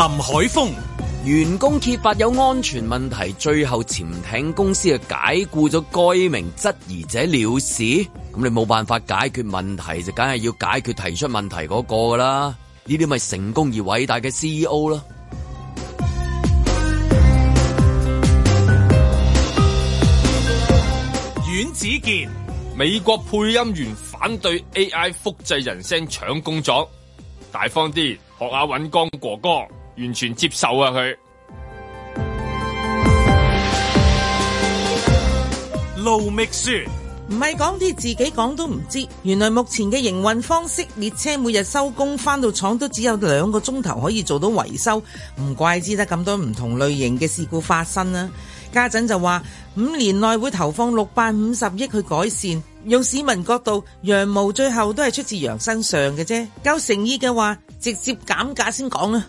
林海峰，員工揭發有安全問題，最後潛艇公司就解雇咗該名質疑者了事。咁你冇辦法解決問題，就梗係要解決提出問題嗰個噶啦。呢啲咪成功而偉大嘅 CEO 咯。阮子健，美國配音員反對 AI 複製人聲搶工作，大方啲學下尹光哥哥。完全接受啊！佢路覓書唔係講啲自己講都唔知，原來目前嘅營運方式，列車每日收工翻到廠都只有兩個鐘頭可以做到維修，唔怪之得咁多唔同類型嘅事故發生啊。家陣就話五年內會投放六百五十億去改善，用市民角度，羊毛最後都係出自羊身上嘅啫。夠誠意嘅話，直接減價先講啊。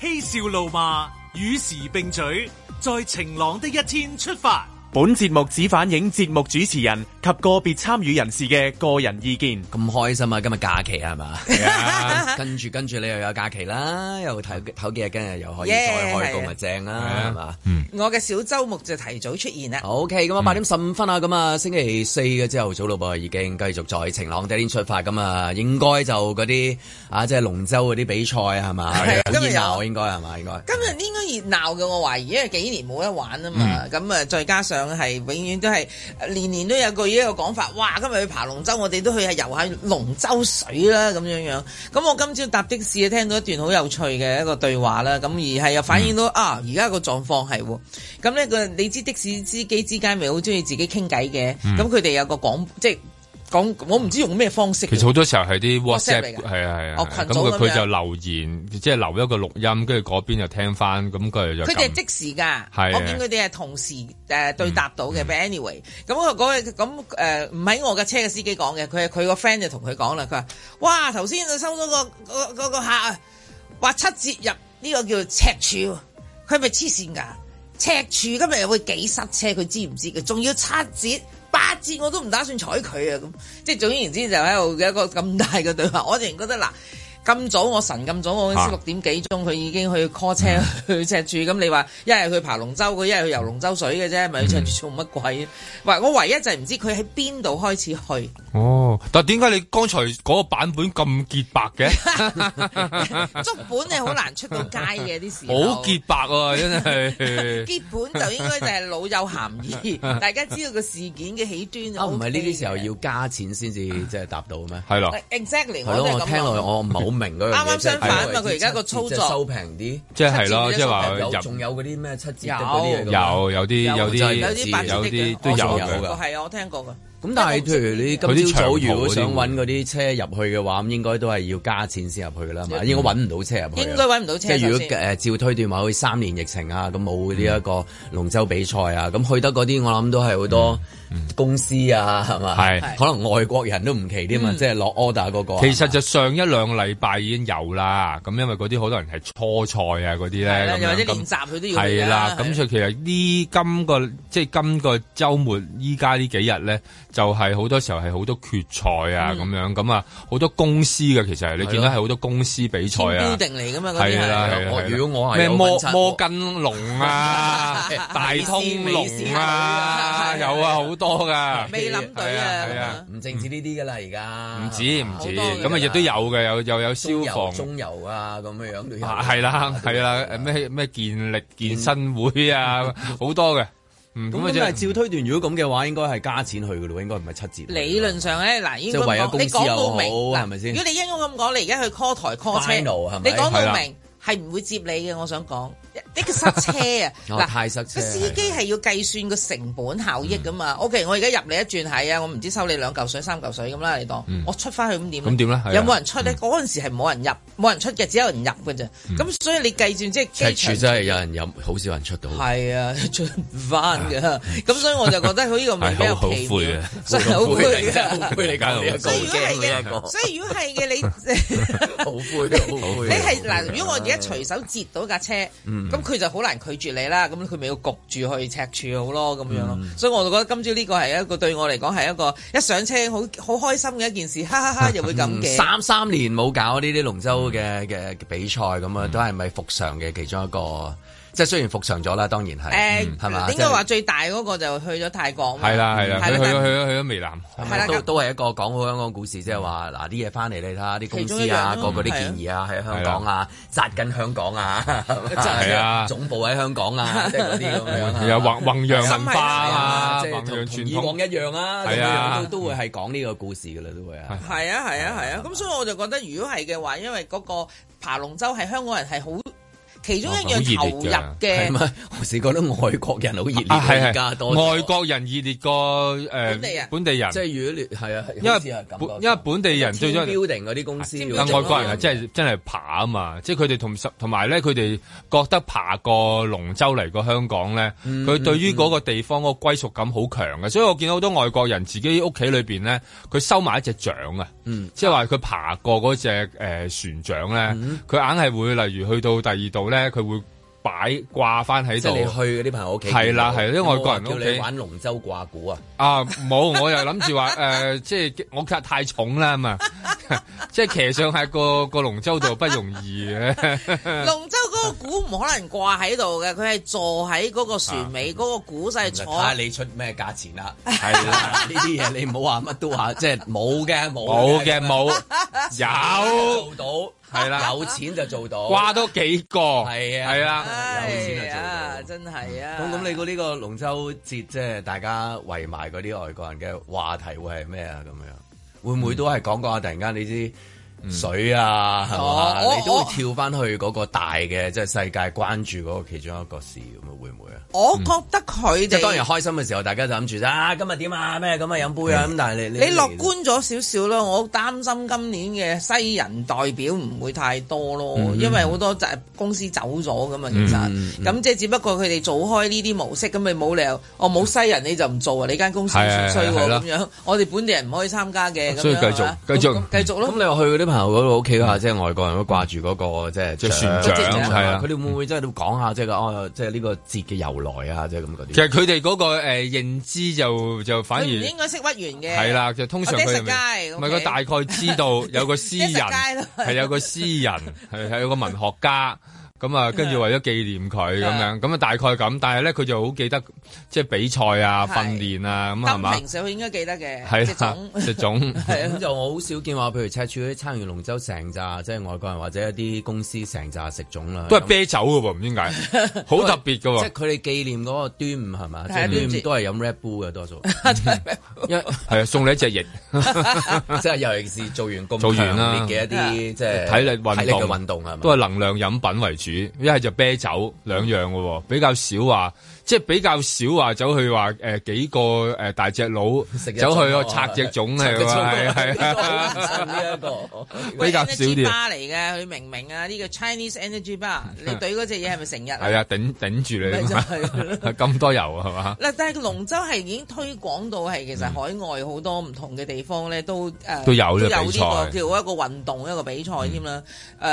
嬉笑怒罵，與時並舉，在晴朗的一天出發。本節目只反映節目主持人及個別參與人士嘅個人意見。咁開心啊！今日假期啊，係嘛、yeah. 跟住跟住你又有假期啦，又唞唞幾日，跟日又可以再開工，咪正啦，係、yeah, 嘛？Mm. 我嘅小週末就提早出現啦。OK，咁啊八點十五分啊，咁、mm. 啊星期四嘅朝頭早啦，已經繼續在晴朗的一天出發，咁啊應該就嗰啲啊即係龍舟嗰啲比賽係嘛，好熱鬧，應該係嘛應該？今日應該熱鬧嘅，我懷疑，因為幾年冇得玩啊嘛，咁、mm. 啊再加上係永遠都係年年都有個。呢個講法，哇！今日去爬龍舟，我哋都去係游下龍舟水啦，咁樣樣。咁我今朝搭的士，聽到一段好有趣嘅一個對話啦。咁而係又反映到、嗯、啊，而家個狀況係，咁呢個你知的士司機之間咪好中意自己傾偈嘅，咁佢哋有個講，即係。講我唔知用咩方式。其實好多時候係啲 WhatsApp，係啊係啊。咁佢、哦、就留言，即、嗯、係、就是、留一個錄音，跟住嗰邊就聽翻。咁佢佢哋即時噶，我見佢哋係同時誒對答到嘅。嗯、but anyway，咁、那、嗰個咁誒唔係我嘅車嘅司機講嘅，佢係佢個 friend 就同佢講啦。佢話，哇，頭先就收咗個個個、那個客，話七折入呢個叫赤柱，佢係咪黐線噶？赤柱今日又會幾塞車，佢知唔知佢仲要七折。打、啊、我都唔打算睬佢啊！咁、嗯、即係總言之，就喺度有一個咁大嘅對話，我仍然覺得嗱，咁早我神咁早我六點幾鐘佢、啊、已經去 call 車去赤柱，咁你話一係去爬龍舟，佢一係去游龍舟水嘅啫，咪去赤柱做乜鬼？我唯一就係唔知佢喺邊度開始去。哦，但係點解你剛才嗰個版本咁潔白嘅？足 本你好難出到街嘅啲事。好潔白啊，真係。足 本就應該就係老有含義，大家知道個事件嘅起端是、OK 的。唔係呢啲時候要加錢先至即係答到咩？係 咯。Exactly，我，我聽落我唔係好明啱啱，相反佢而家個操作收平啲，即係係咯，即係話。仲、就是、有嗰啲咩七折嗰有有啲有啲有啲有啲、就是、都有噶。係我聽過噶。咁但係，譬、嗯、如你今朝早如果想搵嗰啲車入去嘅話，咁應該都係要加錢先入去啦嘛、嗯。應該搵唔到車入去，應該搵唔到車。即係如果、呃、照推斷話，好似三年疫情啊，咁冇呢一個龍舟比賽啊，咁、嗯、去得嗰啲，我諗都係好多。嗯公司啊，係嘛？係可能外國人都唔奇添嘛，嗯、即係落 order 嗰、那個。其實就上一兩個禮拜已經有啦，咁因為嗰啲好多人係初賽啊，嗰啲咧咁樣咁。係啦、啊，咁就其實呢今個即係今個周末，依家呢幾日咧，就係、是、好多時候係好多決賽啊，咁、嗯、樣咁啊，好多公司嘅其實是是的你見到係好多公司比賽啊。標定嚟噶嘛？係如果我係咩摩摩根龍啊， 大通龍啊，啊，有啊，好。多噶，未諗到啊！唔淨止呢啲噶啦，而家唔止唔止，咁啊亦、啊、都有嘅，有又有消防、中油樣啊咁嘅樣，都係啦，係啦、啊，咩咩、啊、健力健、健身會啊，好 多嘅。咁即係照推斷，如果咁嘅話，應該係加錢去嘅咯，應該唔係七折。理論上咧，嗱，應該、就係、公你講到明嗱，係咪先？如果你應該咁講，你而家去 call 台 call 車，Final, 係咪先你講到明。係唔會接你嘅，我想講，呢個塞車啊，嗱、 哦、太塞車，司機係要計算個成本效益噶嘛。嗯、o、okay, K，我而家入你一轉係啊，我唔知收你兩嚿水、三嚿水咁啦，你當、嗯、我出翻去咁點？咁點咧？有冇人出咧？嗰、嗯、陣時係冇人入，冇人出嘅，只有人入嘅啫。咁、嗯、所以你計算即係場真係有人入，好少人出到。係啊，出唔翻嘅。咁 所以我就覺得佢呢個名、哎、好攰嘅，真係好攰好攰你，所以如果係嘅，你，好好你係嗱，如果我而家。 你是 隨手截到架車，咁佢就好難拒絕你啦。咁佢咪要焗住去赤柱好咯，咁、嗯、樣咯。所以我覺得今朝呢個係一個對我嚟講係一個一上車好好開心嘅一件事，哈哈哈，哈！又會咁嘅。 三三年冇搞呢啲龍舟嘅嘅比賽，咁啊都係咪復常嘅其中一個？即係雖然復常咗啦，當然係，係、呃、嘛？點解話最大嗰個就去咗泰國。係、嗯、啦，係啦，去咗去去咗去咗越南，係係係都都係一個講好香港的故事，即係話嗱啲嘢翻嚟，你睇下啲公司各啊，個個啲建議啊，喺、啊、香港啊，紮緊香港啊，係啊，總部喺香港 啊，嗰啲咁樣，又弘弘揚文化啊，即係、就是、同以往一樣啊，係啊，都都會係講呢個故事噶啦，都會啊。係啊，係啊，係啊，咁、啊啊啊、所以我就覺得，如果係嘅話，因為嗰個爬龍舟係香港人係好。其中一樣投入嘅，我試覺得外國人好熱烈㗎，多外國人熱烈過誒本、呃、本地人，本地人即係越嚟係啊，因為本地人最終嗰啲公司，但外國人真係真係爬啊嘛，即係佢哋同同埋咧，佢哋覺得爬過龍舟嚟過香港咧，佢、嗯、對於嗰個地方個歸屬感好強嘅、嗯，所以我見到好多外國人自己屋企裏面咧，佢收埋一隻掌啊，即係話佢爬過嗰隻誒船長咧，佢硬係會例如去到第二度咧。佢會擺掛翻喺度，即係你去嗰啲朋友屋企，係啦係為外國人屋企，叫你玩龍舟掛鼓啊！啊冇，我又諗住話誒，即係我太重啦嘛， 即係騎上喺、那個 個龍舟度不容易嘅。 那個股唔可能掛喺度嘅，佢係坐喺嗰個船尾嗰，啊那個股，細坐，睇，嗯，下，就是，你出咩價錢啦，啊，係 啦是的，呢啲嘢你唔好話乜都話，即係冇嘅，冇嘅，冇，有做到係啦，有， 有錢就做到，掛 多幾個係啊，係啦，有錢就做到，真係啊。咁咁，你估呢個龍舟節即係大家圍埋嗰啲外國人嘅話題會係咩啊？咁樣會唔會都係講講下突然間你知道？水啊，係、嗯、嘛、哦？你都會跳翻去嗰個大嘅，即、哦、係、就是、世界關注嗰個其中一個事咁啊？會唔會啊？我覺得佢哋、嗯、即係當日開心嘅時候，大家就諗住啦，今日點啊咩咁啊飲杯啊咁、嗯。但係你你樂觀咗少少咯。我擔心今年嘅西人代表唔會太多咯，因為好多就公司走咗咁嘛。其實咁、嗯、即係只不過佢哋做開呢啲模式，咁咪冇理由我冇西人你就唔做啊？你間公司衰喎咁樣。我哋本地人唔可以參加嘅咁樣。所以繼續繼續繼續咯。咁你話去嗰啲朋友嗰度屋企啦，即係外國人掛、嗰個啊啊啊、會會都掛住嗰個即係、啊、即係船長、佢哋會唔會即係講下即係即係呢個節嘅遊？來啊、那個，即係咁啲。其實佢哋嗰個誒認知就就反而唔應該識屈原嘅。係啦，就通常佢。啲食街。唔 係樂，佢大概知道有個詩人，係 有個詩人，係 係有個文學家。 咁啊，跟住為咗紀念佢咁樣，咁大概咁，但係呢，佢就好記得即係比賽啊、訓練啊咁係嘛？當時平時佢應該記得嘅食粽，食粽咁就我好少見話，譬如赤柱啲參與龍舟成扎，即係外國人或者一啲公司成扎食粽啦。都係啤酒㗎喎，唔知點解好特別㗎喎。即係佢哋紀念嗰個端午係咪？嘛？即係端午都係飲 Red Bull 嘅 多數，係 啊因為， 送你一隻翼， 即係尤其是做完咁強烈嘅一啲即係體力運動，一係就啤酒，兩樣嘅喎，比較少話。即係比較少話走去話誒幾個誒大隻佬走去拆隻粽，係，係係啊，比較少啲。Energy bar 嚟嘅佢明明啊呢、呢個 Chinese energy bar，你懟嗰隻嘢係咪成日？係啊，頂頂住你咁 多油啊係嘛？嗱，但係龍舟係已經推廣到係其實海外好多唔同嘅地方咧、嗯、都誒、呃、都有個都有呢個叫做一個運動、嗯、一個比賽添啦。誒、嗯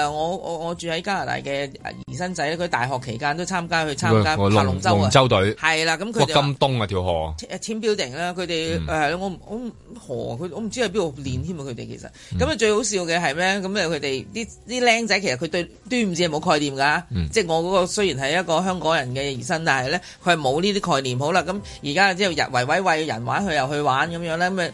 呃，我我我住喺加拿大嘅兒孫仔佢大學期間都參加去參加扒龍舟啊。隊係啦，咁佢就金東啊，條河 team building 啦，佢哋誒，我我何佢，我唔知喺邊度練添啊，佢、嗯、哋其實咁啊、嗯嗯，最好笑嘅係咩？咁啊，佢哋啲啲僆仔，其實佢對端午節冇概念噶、嗯，即係我嗰個雖然係一個香港人嘅兒孫，但係咧佢係冇呢啲概念。好啦，咁而家之後日維維為人玩，佢又去玩咁樣咧，咁啊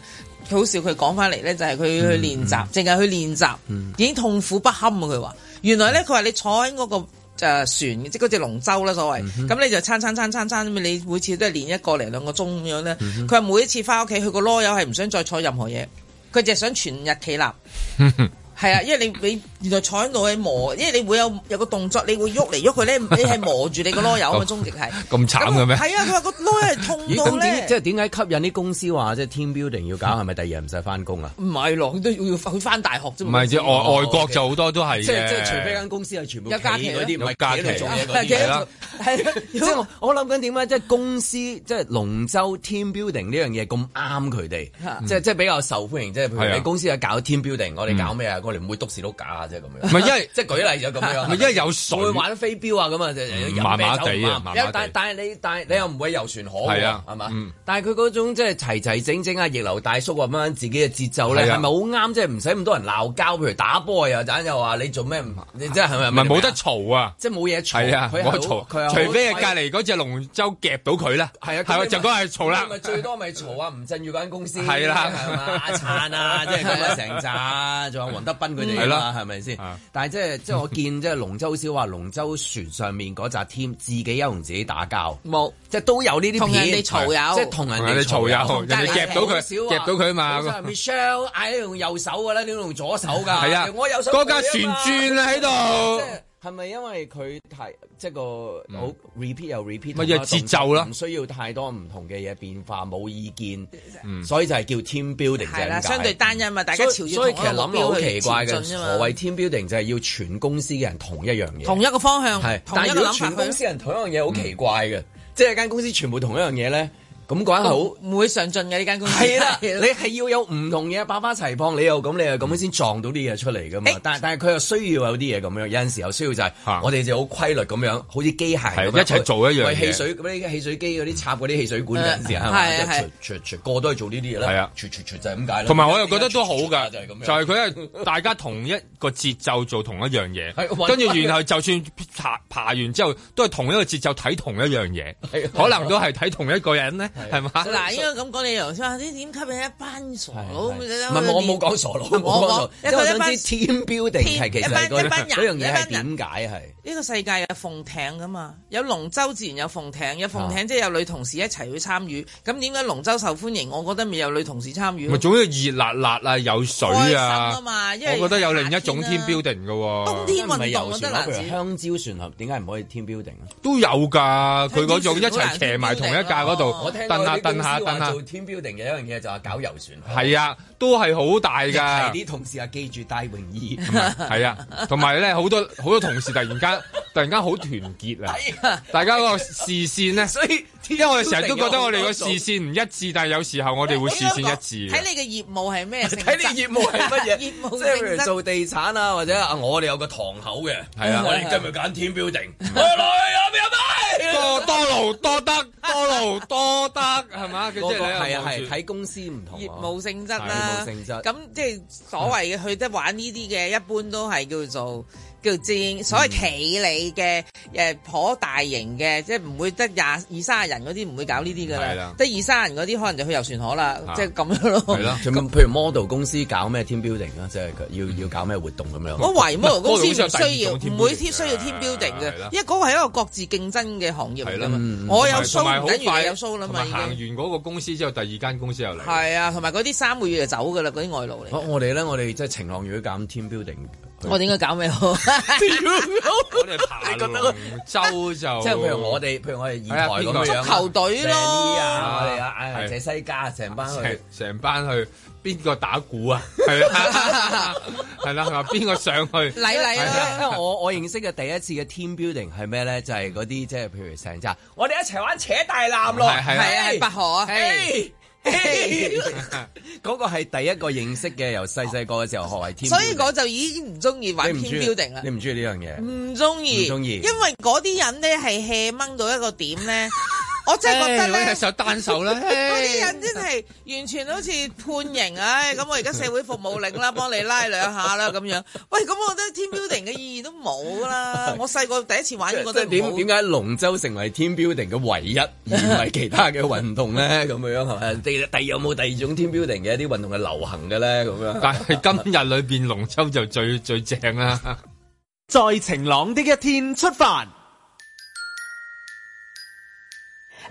佢好笑，佢講翻嚟咧就係佢去練習，淨、嗯、係去練習、嗯，已經痛苦不堪啊！佢話原來咧，佢話你坐喺嗰、那個。誒、呃、船，即嗰隻龍舟啦，所謂咁、嗯、你就撐撐撐撐撐咁，你每次都係練一個零兩個鐘咁樣咧。佢、嗯、係每一次翻屋企，佢個囉柚係唔想再坐任何嘢，佢淨係想全日企立。 係啊，因為你你原來坐喺度嘅磨，因為你會有有個動作，你會喐嚟喐去咧，你係磨住你個囉柚咁嘛， 終極係咁慘嘅咩？係、嗯、啊，佢話個螺係痛到，即係點解吸引啲公司話，即係 team building 要搞，係咪 第二日唔使翻工啊？唔係咯，佢、啊、都要翻大學啫。唔係即外外國就、okay. 好多都係，即係即係除非間公司係全部有家庭嗰、啊、啲，唔係家庭係幾多，即係我諗緊點咧？即係公司即係龍舟 team building 呢樣嘢咁啱佢哋，即係即係比較受歡迎，即係譬如你公司啊搞 team building，我哋搞咩啊？種類種類唔會篤視到假啊，即係咁樣。唔係，因為即係舉例就咁樣。唔係，因為有水玩飛鏢啊，咁、嗯、啊，就麻麻地啊，麻、嗯、但係但係你但係、嗯、你又唔會遊船河喎，啊，係嘛、啊嗯？但係佢嗰種即係、就是、齊齊整整啊，逆流大叔啊，咁樣自己嘅節奏咧，係咪好啱？即係唔使咁多人鬧交，譬如打波、啊、又陣又話你做咩唔？你即係係咪唔係冇得嘈啊？即係冇嘢嘈。啊，佢嘈。佢、啊就是啊、除非係隔離嗰隻龍舟夾到佢啦。係啊，係啊，就梗係嘈啦。咪最多咪嘈啊！吳鎮宇嗰間公司係啦，阿燦啊，即係咁啊，成扎，仲有黃德。分佢哋係啦，係咪、嗯、先、嗯？但係即係即係我見即係龍舟小話，龍舟船上面嗰扎添自己有同自己打交，冇、嗯、即係都有呢啲片，同人哋嘈有，即係同人哋嘈有，人哋夾到佢，少夾到佢嘛？Michelle 嗌用右手㗎啦，你用左手㗎？係啊，啊，我右手嗰架船轉喺度。啊喺度係咪因為佢太即係個好、嗯、repeat 又 repeat？咪就係節奏啦，唔需要太多唔同嘅嘢變化，冇意見、嗯，所以就係叫 team building。係、就係、相對單一嘛所以，大家朝著同一目標所以所以其實諗落好奇怪嘅。何謂 team building 就係要全公司嘅人同一樣嘢，同一個方向。係方向係但係要全公司人同一樣嘢好奇怪嘅，即係間公司全部同一樣嘢咧。咁講好唔會上進嘅呢間公司係啦，你係要有唔同嘢百花齊放，你又咁，你又咁樣先、嗯、撞到啲嘢出嚟噶嘛？但係但係佢又需要有啲嘢咁樣，有陣時候需要就係我哋就好規律咁樣，好似機械咁一齊做一樣嘢。喂，汽水汽水機嗰啲插嗰啲汽水管嗰陣時係嘛？一串串串個都係做呢啲嘢啦。係啊，就係咁解啦。同埋我又覺得都好㗎，就係、是、咁就係佢係大家同一個節奏做同一樣嘢，跟住然後就算爬爬完之後都係同一個節奏睇同一樣嘢，可能都係睇同一個人咧。係嘛？嗱，應該咁講你頭先話啲點吸引一班傻佬？唔係我冇講傻佬，我冇講，因為一班 team building 係其實、嗰個，一班一班人，一班人點解係？呢、呢個世界有鳳艇㗎嘛？有龍舟自然有鳳艇，有鳳艇即係有女同事一齊去參與。咁點解龍舟受歡迎？我覺得咪有，有女同事參與。咪總要熱辣辣啊，有水啊，嘛因為啊我覺得有另一種 team building 㗎喎、啊。冬天運動我覺得難。香蕉船行點解唔可以 team building？都有㗎，佢嗰種一齊騎埋同一架嗰度。等下，等下，等下！做 team building 嘅一樣嘢就係搞遊船。係啊，都係好大㗎。提啲同事啊，記住戴泳衣。係 啊，同埋咧好多好多同事突然間 突然間好團結啊！大家個視線咧，因為我哋成日都覺得我哋個視線唔一致，一致，但係有時候我哋會視線一致。睇你嘅業務係咩？睇你業務係乜嘢？ 業務即係做地產啊，或者 啊，我哋有個堂口嘅，係啊，我哋今日揀 team building 多多多。多勞多表妹，多勞多得，多勞多。得係嘛，佢、那個、即係係啊係，睇公司唔同業務性質啦、啊，性質咁即係所謂嘅，佢即係玩呢啲嘅，一般都係叫做。叫戰，所謂企理嘅，誒、嗯，頗大型嘅，即係唔會得廿二卅人嗰啲，唔會搞呢啲噶啦。得二三人嗰啲，可能就去遊船河啦，即係咁樣咯。係啦，譬如，如 model 公司搞咩 team building 啊、嗯，即係要要搞咩活動咁樣、嗯。我懷疑 model 公司唔會需要 team building 嘅，因為嗰個係一個各自競爭嘅行業嚟噶嘛。我有 show，唔等於你有 show 啦嘛。已經行完嗰個公司之後，第二間公司又嚟。係啊，同埋嗰啲三個月就走噶啦，嗰啲外勞嚟、啊。我哋咧，我哋即係晴朗如果減 team building。我點解搞咩？好？我哋 爬你覺得個周就即係、就是、譬如我哋，譬如我哋演台咁樣足球隊我哋啊，扯西家，成、啊哎、班去，成班去，邊個打鼓啊？係 啦是的，係 啦，邊邊個上去？嚟嚟啊，因為我我認識嘅第一次嘅 team building 係咩咧？就係嗰啲即係譬如成扎，我哋一齊玩扯大纜咯，係係係拔河。 嗰、hey、 個係第一個認識嘅，由細細個嘅時候學為 team，所以我就已經唔中意玩 team building 啦。你唔中意呢樣嘢？唔中意，唔中意，因為嗰啲人咧係 hea 掹到一個點咧。 我真係覺得咧，手、hey，單手啦，啲 人真係完全好似判刑，啊、哎、咁我而家社會服務令啦，幫 你拉兩下啦，咁樣。喂，咁我覺得 team building 嘅意義都冇啦。我細個第一次玩，覺得點點解龍舟成為 team building 嘅唯一，而唔係其他嘅運動咧？咁 樣係咪？第第有冇第二種 team building 嘅一啲運動係流行嘅咧？咁樣。 但係今日裏邊龍舟就最最正啦！在 晴朗的一天出發。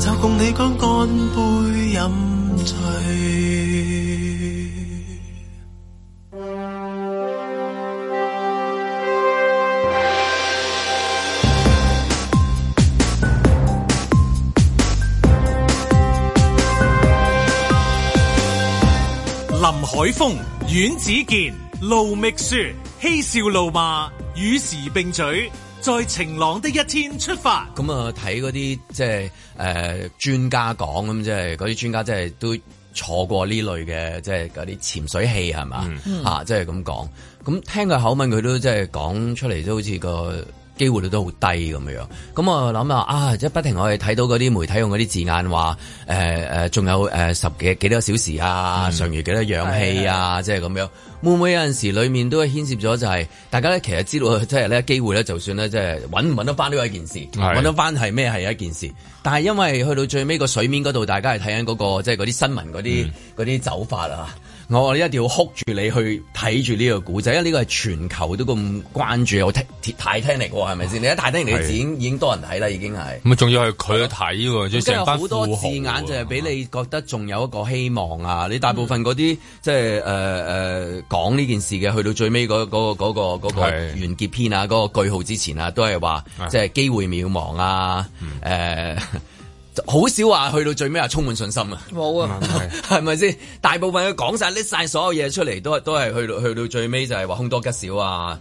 就共你乾乾杯飲醉林海峰、阮子健、盧覓雪、嬉笑怒罵，與時並舉。在晴朗的一天出發，咁啊睇嗰啲即係誒專家講，咁即係嗰啲專家即係都坐過呢類嘅即係嗰啲潛水器係嘛啊，即係咁講，咁聽個口吻佢都即係講出嚟都好似個。機會率都好低咁樣，咁我諗下，啊，即係不停我哋睇到嗰啲媒體用嗰啲字眼話誒誒，仲、呃、有十幾幾多小時啊，尚、嗯、餘幾多氧氣啊，即係咁樣，嗯、會唔會有陣時裏面都牽涉咗就係、是、大家咧，其實知道即係咧機會咧，就算咧即係揾唔揾得翻呢一件事，揾得翻係咩係一件事，但係因為去到最尾個水面嗰度，大家係睇緊嗰個即係嗰啲新聞啲嗰啲走法啊。我呢一定要哭住你去睇住呢個古仔，因為呢個係全球都咁關注，我睇 Titanic 喎，係咪先？你睇 Titanic 你嘅片已經多人睇啦，已經係。咪仲要係佢睇，即係成班富豪。好多字眼就係俾你覺得仲有一個希望啊！嗯、你大部分嗰啲即係誒誒講呢件事嘅，去到最尾嗰嗰嗰個嗰、嗰個嗰個完結篇啊，嗰、嗰個句號之前、就是、啊，都係話即係機會渺茫啊誒。呃好少話去到最尾啊，充滿信心啊！冇啊，係咪先？大部分佢講晒，拎晒所有嘢出嚟，都係都係去到去到最尾就係話凶多吉少啊！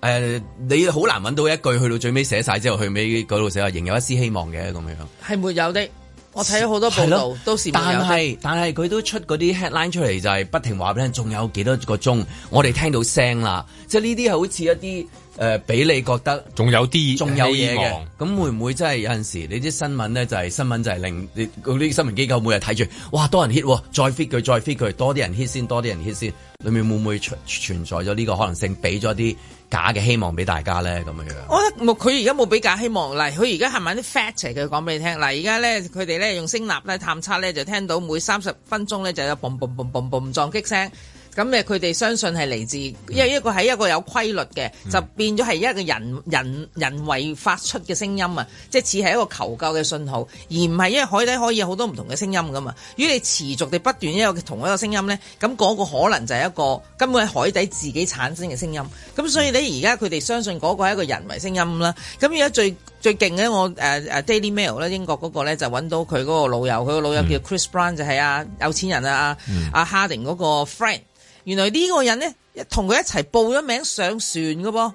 誒、呃，你好難揾到一句去到最尾寫晒之後，去尾嗰度寫話仍有一絲希望嘅咁樣。係沒有的，我睇咗好多報道都係冇。但係但係佢都出嗰啲 headline 出嚟，就係不停話俾仲有幾多個鐘？我哋聽到聲啦，即係呢啲係好似一啲。誒、呃，俾你覺得仲有啲仲有嘢嘅，咁會唔會真係有陣時你啲新聞咧就係、是、新聞就係令你嗰啲新聞機構每日睇住，哇多人 hit，再 fit 佢，再 fit 佢，多啲人 hit 先，多啲人 hit 先，裏面會唔會存存在咗呢個可能性，俾咗啲假嘅希望俾大家咧咁樣？我覺得冇，佢而家冇俾假希望。嗱，佢而家係咪啲 fact 嚟？佢講俾你聽，嗱，而家咧佢哋咧用聲納咧探測咧，就聽到每三十分鐘咧就有砰砰砰砰砰砰撞擊聲。咁誒，佢哋相信係嚟自，因為一個係一個有規律嘅，就變咗係一個人人人為發出嘅聲音啊！即係似係一個求救嘅信號，而唔係因為海底可以有好多唔同嘅聲音噶嘛。如果你持續地不斷有同一個聲音咧，咁、那、嗰個可能就係一個根本係海底自己產生嘅聲音。咁所以你而家佢哋相信嗰個係一個人為聲音啦。咁而家最最勁咧，我誒、uh, Daily Mail 咧，英國嗰、那個咧就揾到佢嗰個老友，佢個老友叫 Chris Brown，就係啊，有錢人啊，阿 Harding 嗰個 friend。原來呢個人咧，一同佢一齊報咗名上船嘅噃。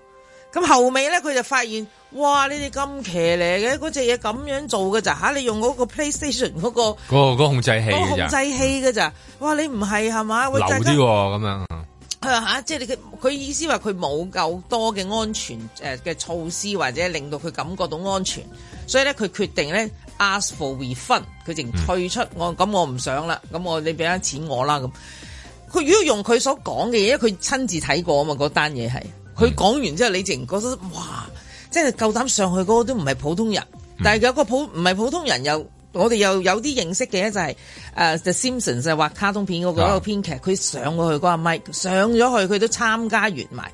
咁後尾咧，佢就發現，哇！你哋咁騎呢嘅嗰隻嘢，咁樣做嘅咋吓？你用嗰個 PlayStation 嗰、嗰個嗰、嗰個控制器，嗰個、控制器㗎咋？哇！你唔係係嘛？老啲咁樣吓、啊，即係佢佢意思話佢冇夠多嘅安全誒嘅、呃、措施，或者令到佢感覺到安全，所以咧佢決定咧，ask for refund，佢淨退出、嗯、我咁我唔想啦，咁我你俾翻錢我啦咁。佢如果用佢所講嘅嘢，因為佢親自睇過啊嘛，嗰單嘢係佢講完之後，你自然覺得哇，即係夠膽上去嗰個都唔係普通人，嗯、但係有個普唔係普通人又我哋又有啲認識嘅就係、是、誒、uh, The Simpsons 係畫卡通片嗰、那個編、啊那個、劇，佢上過去嗰個 Mike 上咗去，佢都參加完埋，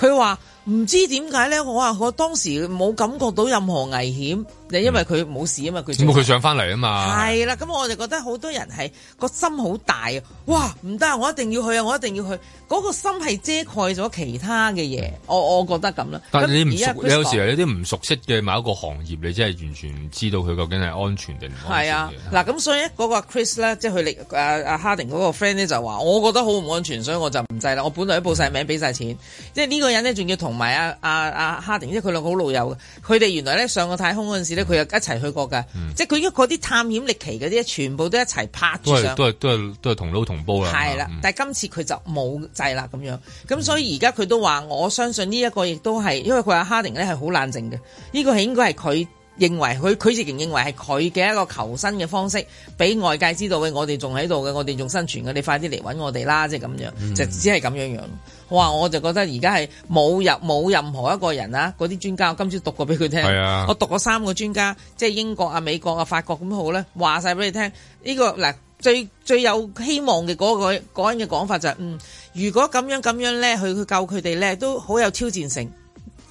佢話唔知點解咧，我話我當時冇感覺到任何危險。因為佢冇事啊、嗯嗯、嘛，佢佢上翻嚟啊嘛，係啦，咁我就覺得好多人係個心好大，啊。哇唔得啊，我一定要去啊，我一定要去，嗰、那個心係遮蓋咗其他嘅嘢，我我覺得咁啦。但係你唔你有時候你有啲唔熟悉嘅某一個行業，你真係完全唔知道佢究竟係安全定唔安全。係啊，嗱咁所以嗰個 Chris 咧，即係佢哋阿阿 Harding 嗰個 friend 咧就話，我覺得好唔安全，所以我就唔制啦。我本來都報晒名，俾晒錢，即係呢個人、啊啊啊、呢，仲要同埋阿阿阿 Harding 即係佢兩個好老友佢哋原來咧上個太空嗰陣時。佢又一齊去過嘅、嗯，即係佢應該嗰啲探險歷奇嗰啲，全部都一齊拍住上，都係都係都係同撈同煲啦。係啦、嗯，但係今次佢就冇制啦咁樣，咁所以而家佢都話、嗯，我相信呢一個亦都係因為佢阿哈廷咧係好冷靜嘅，呢、這個係應該係佢。認為佢佢自然認為係佢嘅一個求生嘅方式，俾外界知道嘅，我哋仲喺度嘅，我哋仲生存嘅，你快啲嚟揾我哋啦，即係咁樣，就只係咁樣樣。哇！我就覺得而家係冇任冇任何一個人啊，嗰啲專家，我今朝讀過俾佢聽、啊，我讀過三個專家，即係英國啊、美國啊、法國咁好呢。話晒俾你聽。呢、呢個嗱最最有希望嘅嗰、嗰個嗰、嗰個、人嘅講法就係、是，嗯，如果咁樣咁樣呢，去去救佢哋呢，都好有挑戰性。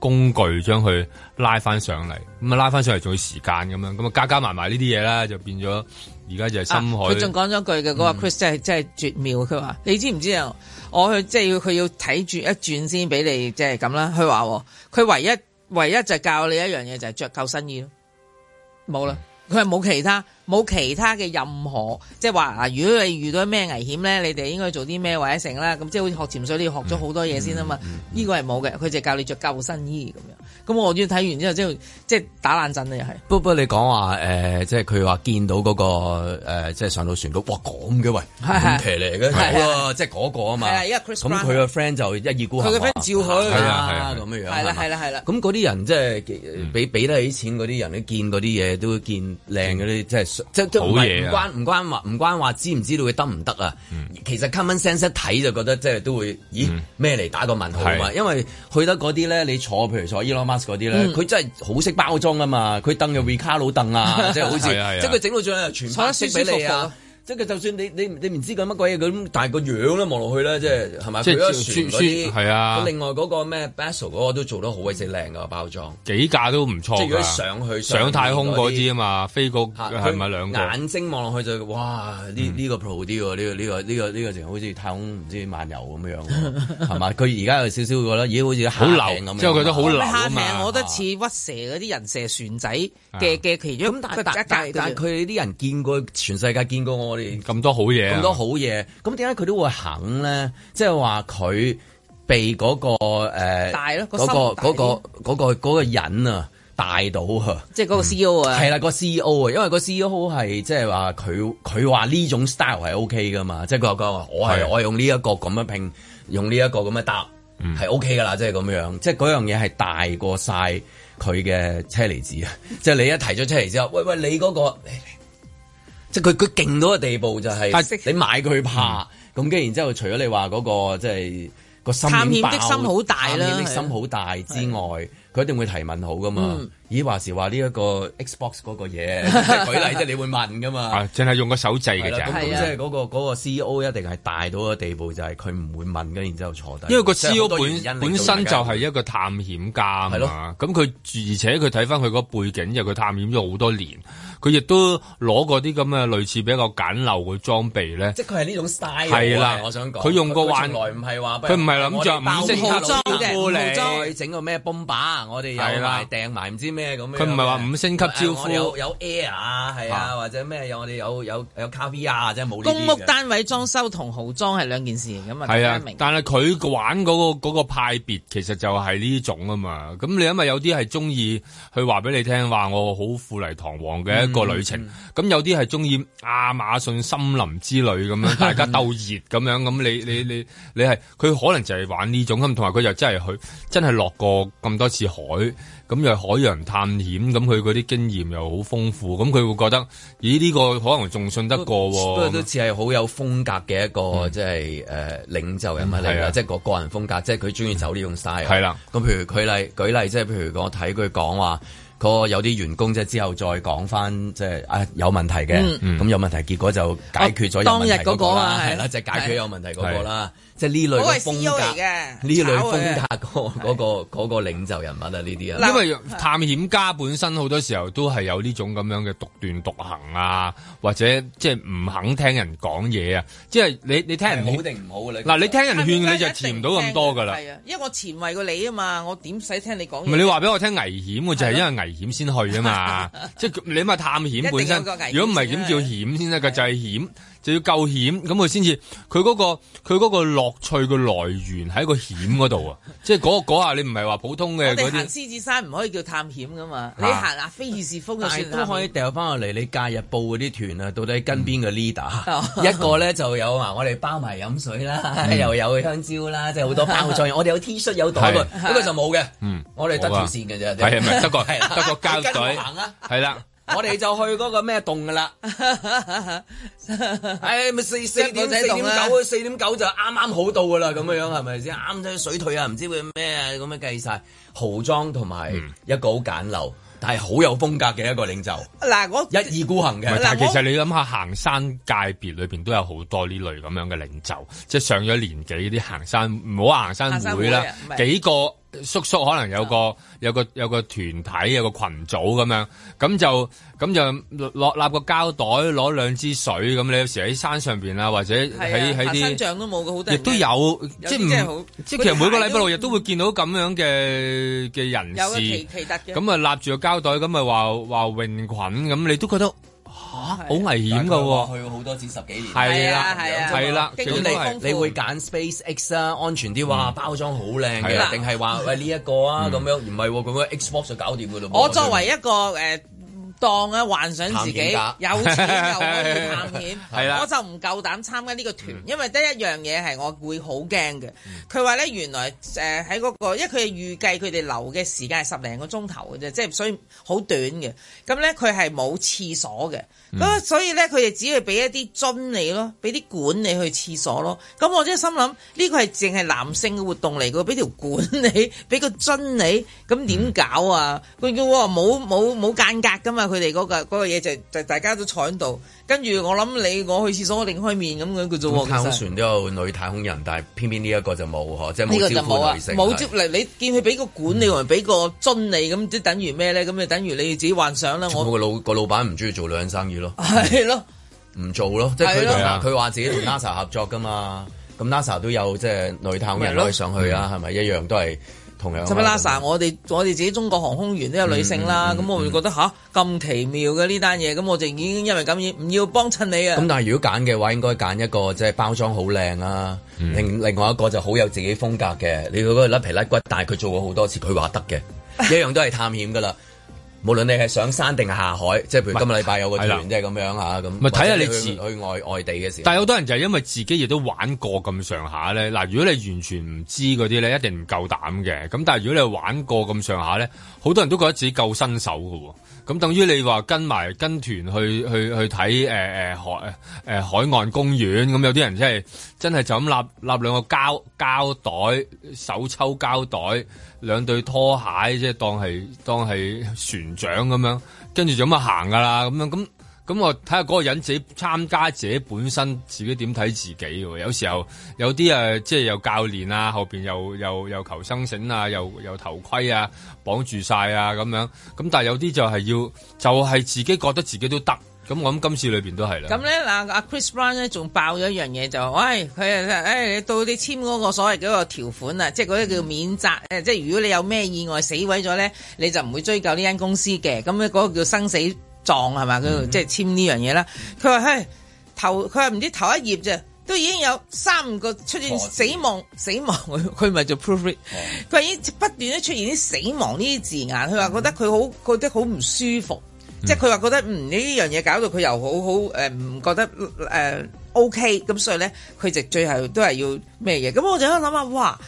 工具將佢拉翻上嚟，咁啊拉翻上嚟仲要時間咁樣，咁啊加加埋埋呢啲嘢啦就變咗而家就係深海。佢仲講咗句嘅嗰個 Chris、嗯、真係真係絕妙，佢話你知唔知啊？我佢即係要佢要睇住一轉先俾你，即係咁啦。佢話佢唯一唯一就教你一樣嘢，就係、係、着夠新衣咯，冇啦。嗯佢係冇其他，冇其他嘅任何，即係話啊！如果你遇到咩危險咧，你哋應該做啲咩或者成啦？咁即係好似學潛水，你要學咗好多嘢先啊嘛。呢個係冇嘅，佢就教你着救生衣咁樣。咁我只要睇完之後，即係、呃、即打冷震啊！又係不過你講話即係佢話見到嗰、那個、呃、即係上到船度，哇咁嘅喂，係騎呢嘅即係嗰個啊嘛。咁佢個 friend 就一意孤行。佢個 friend 照佢係啊啊咁樣樣。係啦係啦係啦。咁嗰啲人即係俾俾得起錢嗰啲人咧，見嗰啲嘢都見靚嗰啲，即係即即唔唔關唔關話唔關話知唔知道佢得唔得啊？嗯、其實 common sense 一睇就覺得即係都會，咦咩嚟？打個問號啊嘛。因為去得嗰啲咧，你坐譬如坐伊嗰啲咧，佢、嗯、真係好識包裝啊嘛！佢凳又 Recaro 佬凳啊，即 係好似，即係佢整到咗咧，又全包裝俾你啊！ 即係就算你你你唔知佢乜鬼嘢咁，但係個樣咧望落去咧、嗯，即係係嘛？佢啲船嗰係啊。另外嗰個咩 Basil 嗰個都做得好鬼死靚噶包裝，幾架都唔錯。即係如果上去上，去上，去上太空嗰啲啊嘛，飛過係咪、啊、兩眼睛望落去就哇！呢、嗯、呢、這個 pro 啲喎，呢、這個呢、這個呢、這個呢、這個好似太空唔知漫遊咁樣，係 嘛？佢而家有少少覺得咦好似下艇咁。好流。即係我覺得好流下艇我覺得似屈蛇嗰啲人蛇、啊、船仔嘅嘅其中一但係佢啲人見過全世界見過我。咁多好嘢、啊，咁多好嘢，咁點解佢都會肯咧？即係話佢被嗰個誒帶咯，嗰個嗰個嗰嗰人啊帶到啊，即係嗰個 C E O 啊，係啦，個 C E O 啊，因為個 C E O 係即係話佢佢話呢種 style 係 O K 噶嘛，即係佢話我係我用呢一個咁樣拼，用呢一個咁樣搭，係 O K 噶啦，即係咁樣，即係嗰樣嘢係大過晒佢嘅車厘子啊！即 係你一提咗出嚟之後，喂喂，你嗰、那個。即佢佢勁到個地步就係你買佢怕。咁跟然之後，後除咗你話嗰、那個即係、就是、個心，貪險的心好大啦，貪險的心好大之外，佢一定會提問好㗎嘛？咦、嗯、話時話呢一個 Xbox 嗰個嘢，舉例即係你會問㗎嘛？啊，淨係用個手掣嘅啫，即係嗰個嗰、嗰個 CEO 一定係大到嘅地步、就係，就係佢唔會問嘅，然之後坐低。因為個 CEO 本身就係一個探險家嘛，咁佢而且佢睇返佢個背景，又佢探險咗好多年，佢亦都攞過啲咁嘅類似比較簡陋嘅裝備呢。即係佢係呢種 style 係啦，我想講佢用個唔係話佢唔係諗著五號裝備，五整個咩泵把。啊、我哋又係訂埋唔知咩咁，佢唔係話五星級招呼，啊、有,有 air 啊，係啊，或者咩有我哋有有 Caviar, 有咖啡啊，真係冇。公屋單位裝修同豪裝係兩件事咁啊，係啊、嗯，但係佢玩、嗰個、嗰個派別其實就係呢種啊嘛，咁你因為有啲係中意去話俾你聽話，我好富麗堂皇嘅一個旅程，咁、嗯嗯、有啲係中意亞馬遜森林之旅咁樣大家鬥熱咁樣，咁 你你你你係佢可能就係玩呢種，咁，同埋佢又真係去真係落過咁多次。海咁又係海洋探險，咁佢嗰啲經驗又好豐富，咁佢會覺得，咦呢、這個可能仲信得過喎。不過都似係好有風格嘅一個，即、嗯、係、就是呃、領袖人物嚟㗎，嗯、即係個個人風格，嗯、即係佢鍾意走呢種 style。係啦，咁譬如佢例舉例，即係譬如我睇佢講話，嗰個有啲員工即係之後再講返，即、就、係、是、啊有問題嘅，咁、嗯、有問題結果就解決咗、那個啊。當日嗰個啊，係啦，就是、解決有問題嗰個啦。即係呢類，類風格，呢類風格嗰個、嗰個嗰領袖人物啊，呢啲啊，因為探險家本身好多時候都係有呢種咁樣嘅獨斷獨行啊，或者即係唔肯聽人講嘢啊，即係你你聽人好定唔好嗱，你聽人，你聽人勸人聽你就潛唔到咁多噶啦，因為我潛威過你啊嘛，我點使聽你講？唔係你話俾我聽，危險喎，就係、是、因為危險先去啊嘛，即係你咪探險本身，如果唔係點叫險先得嘅？就係、是、險。就要救險，咁佢先至，佢嗰、嗰個佢嗰個樂趣嘅來源喺一個險嗰度啊！ 即係嗰、嗰個、下你唔係話普通嘅嗰啲，我哋行獅子山唔可以叫探險噶嘛？啊、你行額菲爾士峯就算，算都可以掉翻落嚟，你假日報嗰啲團啊，到底跟邊個 leader？、嗯哦、一個咧就有啊，我哋包埋飲水啦、嗯，又有香蕉啦，即係好多包裝。 我哋有 T 恤有袋嘅，嗰、嗰個就冇嘅、嗯。我哋得條線嘅啫，得個得個膠袋，係啦。 我哋就去嗰個咩洞噶啦， 哎咪四四點四點九四點九、啊、就啱啱好到噶啦，咁樣樣係咪先啱啱水退啊？唔知會咩咁、啊、樣計晒豪裝同埋一個好簡陋、嗯、但係好有風格嘅一個領袖。嗱、嗯，我一意孤行嘅，但係其實你諗下行山界別裏邊都有好多呢類咁樣嘅領袖，即係上咗年紀啲行山，唔好行山會啦、啊，幾個。叔叔可能有個有個有個團體有個羣組咁樣，咁就咁就攞攬個膠袋攞兩支水咁，你有時喺山上邊呀，或者喺喺啲，亦都有即係即係，其實每個禮拜六日都會見到咁樣嘅嘅人士，咁啊攞住個膠袋咁啊話話泳羣咁，你都覺得。嚇，好、啊、危險噶喎！去咗好多次十幾年，係啊係啊，係啦、啊。咁、啊啊啊啊、你你會揀 SpaceX 啊，安全啲哇、嗯，包裝好靚嘅，定係話喂呢一個啊咁、嗯、樣？唔係喎，咁樣 Xbox 就搞掂噶啦。我作為一個誒。呃當啊幻想自己有錢就可以探險， 我就唔夠膽參加呢個團，嗯、因為得一樣嘢係我會好驚嘅。佢話咧原來誒喺嗰個，因為佢係預計佢哋留嘅時間係十零個鐘頭嘅啫，即係所以好短嘅。咁咧佢係冇廁所嘅。咁、嗯、所以咧，佢哋只係俾一啲樽你咯，俾啲管理去廁所咯。咁我即係心諗，呢、這個係淨係男性嘅活動嚟嘅，俾條管理，俾個樽你，咁點搞啊？佢叫我話，冇冇冇間隔噶嘛，佢哋嗰個嗰個嘢、那個、就就大家都坐喺度。跟住我諗你我去廁所，我擰開面咁樣，叫做太空船都有女太空人，但偏偏呢一個就冇，即係冇招呼女性。冇接嚟你見佢俾個管理，或、嗯、俾個樽你，咁即等於咩咧？咁就等於你自己幻想啦。我個老個老闆唔中意做兩生意咯，係咯，唔做咯，即係佢佢話自己同 NASA 合作噶嘛，咁 NASA 都有即係、就是、女太空人去上去啊，係咪一樣都係？同伯、啊、拉薩，我哋我哋自己中國航空員都有女性啦，咁、嗯嗯嗯嗯、我會覺得吓，咁、啊、奇妙嘅呢單嘢，咁、嗯、我就已經因為咁樣唔要幫襯你啊。咁但係如果揀嘅話，應該揀一個即係、就是、包裝好靚啦，另、嗯、另外一個就好有自己風格嘅。你嗰個甩皮甩骨，但係佢做過好多次，佢話得嘅一樣都係探險噶啦。無論你係上山定下海，即係譬如今個禮拜有個團，即係咁樣吓咁。咪睇下你自去外外地嘅時候。但係好多人就係因為自己亦都玩過咁上下咧。嗱，如果你完全唔知嗰啲咧，一定唔夠膽嘅。咁但係如果你玩過咁上下咧，好多人都覺得自己夠新手嘅。咁等於你話跟埋跟團去去去睇誒誒海誒海岸公園咁，有啲人真係真係就咁擸擸兩個膠膠袋，手抽膠袋，兩對拖鞋，即係當係當係船長咁樣，跟住就咁行㗎啦。咁樣咁。咁我睇下嗰個忍者參加者本身自己點睇自己喎，有時候有啲啊，即係有教練啊，後面又又又求生繩啊，又又頭盔啊，綁住晒啊咁樣。咁但係有啲就係要，就係、是、自己覺得自己都得。咁我諗今次裏面都係啦。咁咧嗱，阿、啊、Chris Brown 咧仲爆咗一樣嘢就，喂、哎，佢誒、哎、到你簽嗰個所謂嗰一個條款啊，即係嗰啲叫免責，即係如果你有咩意外死毀咗咧，你就唔會追究呢間公司嘅。咁咧嗰個叫生死。當係嘛，佢、嗯、即係簽呢樣嘢啦。佢話哎頭，佢話唔知頭一頁啫，都已經有三個出現死亡、死亡佢，咪做 proofread。佢話已經不斷都出現啲死亡呢啲字眼，佢、嗯、話覺得佢好，覺得好唔舒服。即係佢話覺得嗯呢樣嘢搞到佢又好好誒，唔、呃、覺得誒、呃、OK 咁，所以咧佢就最後都係要咩嘢？咁我就喺度諗啊，哇！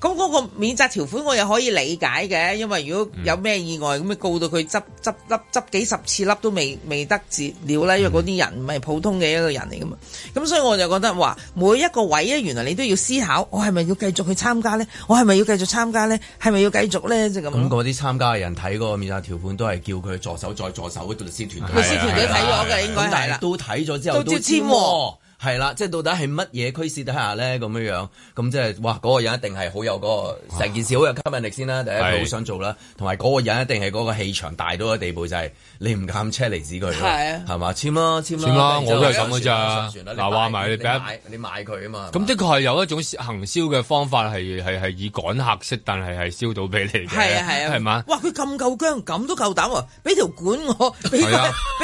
咁、那、嗰個免責條款我又可以理解嘅，因為如果有咩意外咁，嗯、告到佢執執笠執幾十次笠都未未得結了啦，因為嗰啲人唔係普通嘅一個人嚟㗎嘛。咁所以我就覺得話每一個位咧，原來你都要思考，我係咪要繼續去參加咧？我係咪要繼續參加咧？係咪要繼續咧？就咁、是。咁嗰啲參加嘅人睇嗰個免責條款都係叫佢助手再助手佢啲律師團律師團隊睇咗嘅應該都睇咗之後都簽喎、啊。係啦，即係到底係乜嘢驅使底下咧？咁樣樣，咁即係哇，嗰、嗰個人一定係好有嗰個成件事好有吸引力先啦，第一佢好想做啦，同埋嗰個人一定係嗰個氣場大到嘅地步，就係你唔敢車厘子佢，係啊，係嘛？簽啦，簽啦，簽啦，我都係咁嘅咋？嗱，話埋你俾，你買佢啊嘛。咁的確係有一種行銷嘅方法，係係係以趕客式，但係係銷到俾你嘅，係啊係啊，係嘛？哇！佢咁夠薑，咁都夠膽、啊，俾條管我，俾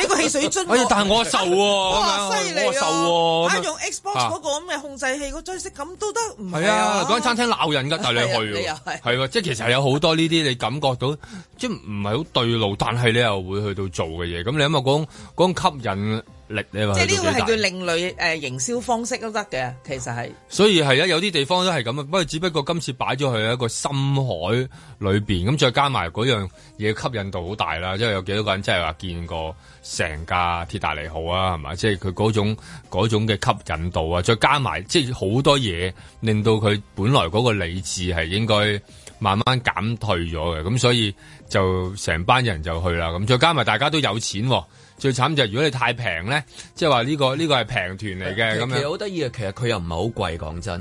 個汽、啊、水樽我， 哎、但係我瘦喎、啊，我係我瘦喎。啊！用 Xbox 嗰個咁嘅控制器個追跡感都得，唔係啊！嗰間餐廳鬧人㗎，帶你去喎，係喎、啊啊，即其實有好多呢啲你感覺到 即係唔係好對路，但係你又會去到做嘅嘢。咁你諗下嗰種嗰種吸引。力你即係呢個係叫另類誒營銷方式都得嘅，其實係。所以係啊，有啲地方都係咁啊，不過只不過今次擺咗去一個深海裏邊，咁再加埋嗰樣嘢吸引度好大啦，即係有幾多個人真係話見過成架鐵達尼號啊，係嘛，即係佢嗰種嗰種嘅吸引度啊，再加埋即係好多嘢令到佢本來嗰個理智係應該慢慢減退咗嘅，咁所以就成班人就去啦，咁再加埋大家都有錢，哦。最慘就係如果你太平咧，即係話呢個呢、這個係平團嚟嘅咁樣。其實好得意啊，其實佢又唔係好貴，講真，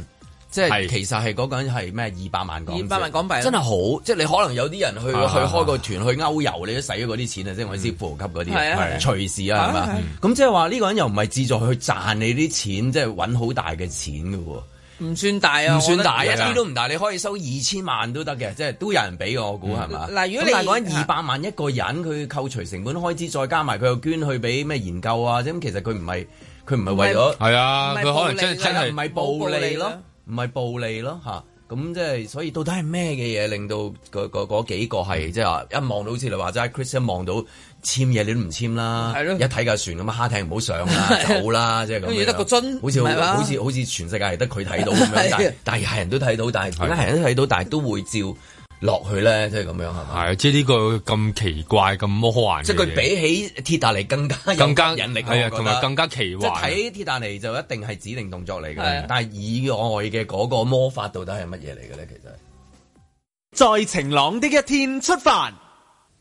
即、就、係、是、其實係嗰緊係咩？二、那、百、個、萬港二百萬港幣，真係好，啊、即係你可能有啲人去、啊、去開個團去歐遊，你都使咗嗰啲錢啊，即係我啲富豪級嗰啲，係、嗯、啊，啊，隨時啊嘛、啊。咁即係話呢個人又唔係自助去賺你啲錢，即係搵好大嘅錢㗎喎。唔算大啊！唔算大，算大一啲都唔大，啊。你可以收二千萬都得嘅，即、啊、係、就是、都有人俾我估係嘛？嗱、嗯，如果你講二百萬一個人，佢扣除成本開支，再加埋佢又捐去俾咩研究啊，咁其實佢唔係佢唔係為咗係啊？佢可能真係真係唔係暴利咯，唔係暴利咯吓。咁即係所以到底係咩嘅嘢令到個個嗰幾個係即係話一望到好似你話齋，Chris 一望到。簽嘢你都唔簽啦，一睇就船咁啊，蝦艇唔好上啦，走啦，即係咁樣。得個樽，好似好似好似全世界係得佢睇到咁樣，但係係人都睇到，但係其他人都睇到，但係都會照落去咧，即係咁樣係嘛？係即係呢個咁奇怪咁魔幻。即係佢比起鐵達尼更加更加引力，同埋更加奇幻。即睇鐵達尼就一定係指定動作嚟嘅，但係以外嘅嗰個魔法到底係乜嘢嚟嘅咧？其實，在晴朗的一天出發。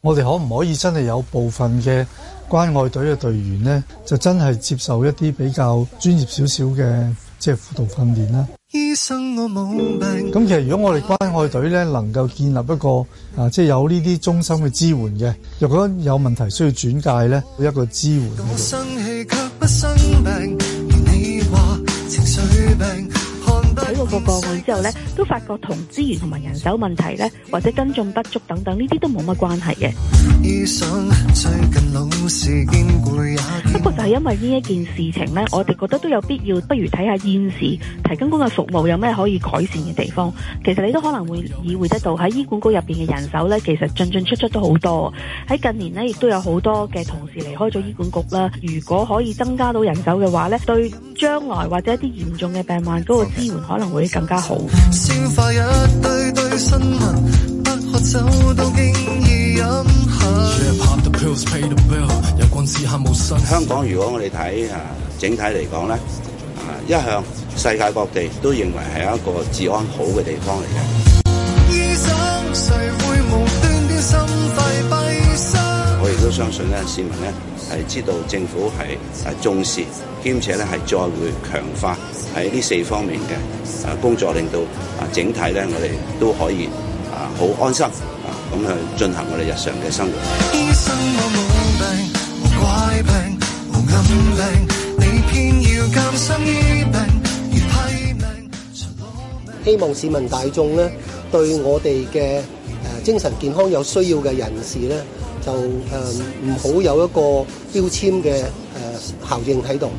我哋可唔可以真係有部分嘅關愛隊嘅隊員呢？就真係接受一啲比較專業少少嘅即係輔導訓練咧？醫生我冇病。咁其實如果我哋關愛隊呢，能夠建立一個啊，即係有呢啲中心嘅支援，嘅若果有問題需要轉介咧，一個支援。生氣卻不生病，而你話情個個案之後呢，都發覺同資源同埋人手問題呢，或者跟進不足等等呢啲都冇乜關係嘅。不過 就係因為呢一件事情呢，我哋覺得都有必要，不如睇下現時提跟管嘅服務有咩可以改善嘅地方。其實你都可能會意會得到喺醫管局入邊嘅人手呢，其實進進出出都好多。喺近年呢，亦都有好多嘅同事離開咗醫管局啦。如果可以增加到人手嘅話呢，對將來或者一啲嚴重嘅病患嗰個支援可能。會更加好。香港如果我哋睇啊，整體嚟講咧，啊一向世界各地都認為係一個治安好嘅地方嚟嘅。我都相信咧，市民咧係知道政府係係重視，兼且咧係再會強化喺呢四方面嘅誒工作，令到啊整體咧我哋都可以啊好安心啊咁去進行我哋日常嘅生活。希望市民大眾咧對我哋嘅誒精神健康有需要嘅人士咧。就誒唔好有一個標籤嘅誒效應喺度。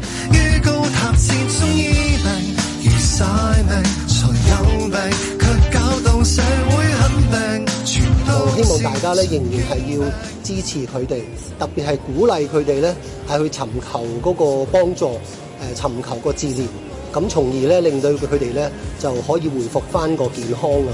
好希望大家呢仍然係要支持佢哋，特別係鼓勵佢哋呢係去尋求嗰個幫助，誒、呃、尋求個治療，咁從而呢令到佢哋呢就可以回復返個健康啊！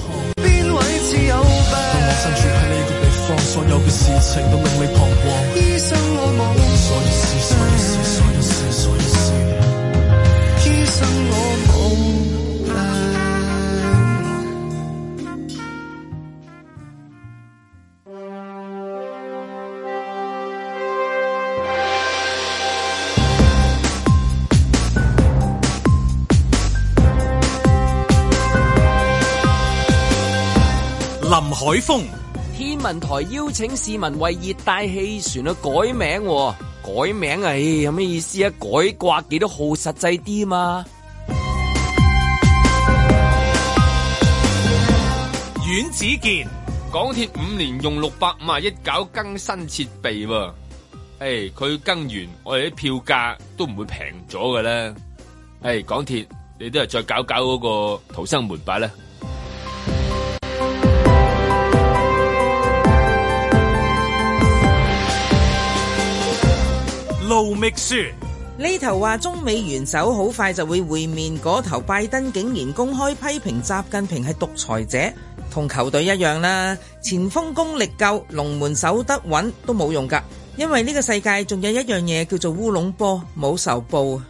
林海峰。文台邀請市民為熱帶氣旋去改名，改名啊，有、哎、咩意思啊？改掛幾多號實際啲嘛？阮子健，港鐵五年用六百五萬一搞更新設備，誒、哎，佢更完，我哋啲票價都唔會平咗㗎啦，誒、哎，港鐵你都係再搞搞嗰個逃生門吧啦。露秘書呢頭話中美元首好快就會會面，嗰頭拜登竟然公開批評習近平係獨裁者，同球隊一樣啦。前鋒功力夠，龍門守得穩都冇用㗎，因為呢個世界仲有一樣嘢叫做烏龍波冇仇報，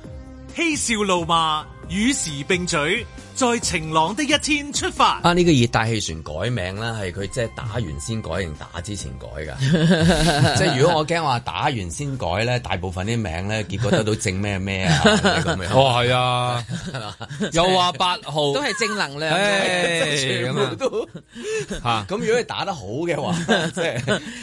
嬉笑怒罵與時並舉。在晴朗的一天出發啊！呢、這個熱帶氣旋改名咧，係佢即係打完先改定打之前改㗎。 即係如果我驚話打完先改咧，大部分啲名咧結果得到正咩咩啊咁樣。哦，係啊， 又話八號、就是、都係正能量的，全部都嚇。咁、啊、如果你打得好嘅話，即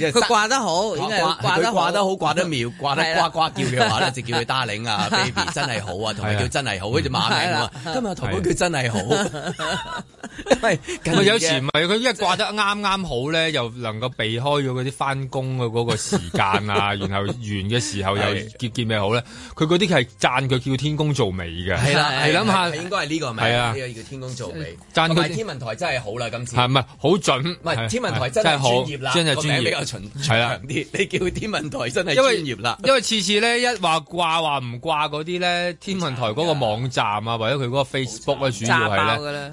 係佢掛得好，掛得，得好，掛得好，掛得妙，掛得呱呱叫嘅話咧，就叫佢 Darling 啊，Baby 真係好啊，同埋叫真係好，好似馬明啊，今日同佢叫真係。好， 喂，有時唔係佢一掛得啱啱好咧、就是，又能夠避開咗嗰啲翻工嘅嗰個時間啊， 然後完嘅時候又結結咩好咧？佢嗰啲係讚佢叫天公做美嘅，係啦，啦，你諗下是，應該係呢個咪係啊？這個、叫天公做美，啊、讚佢天文台真係好啦，今次係唔係好準？唔係天文台真係專業啦，個名比較長長啲。你叫天文台真係因為專業啦，因為，因為次次咧一話掛話唔掛嗰啲咧，天文台嗰個網站啊，或者佢嗰個 Facebook 嘅、啊、主。啊、爆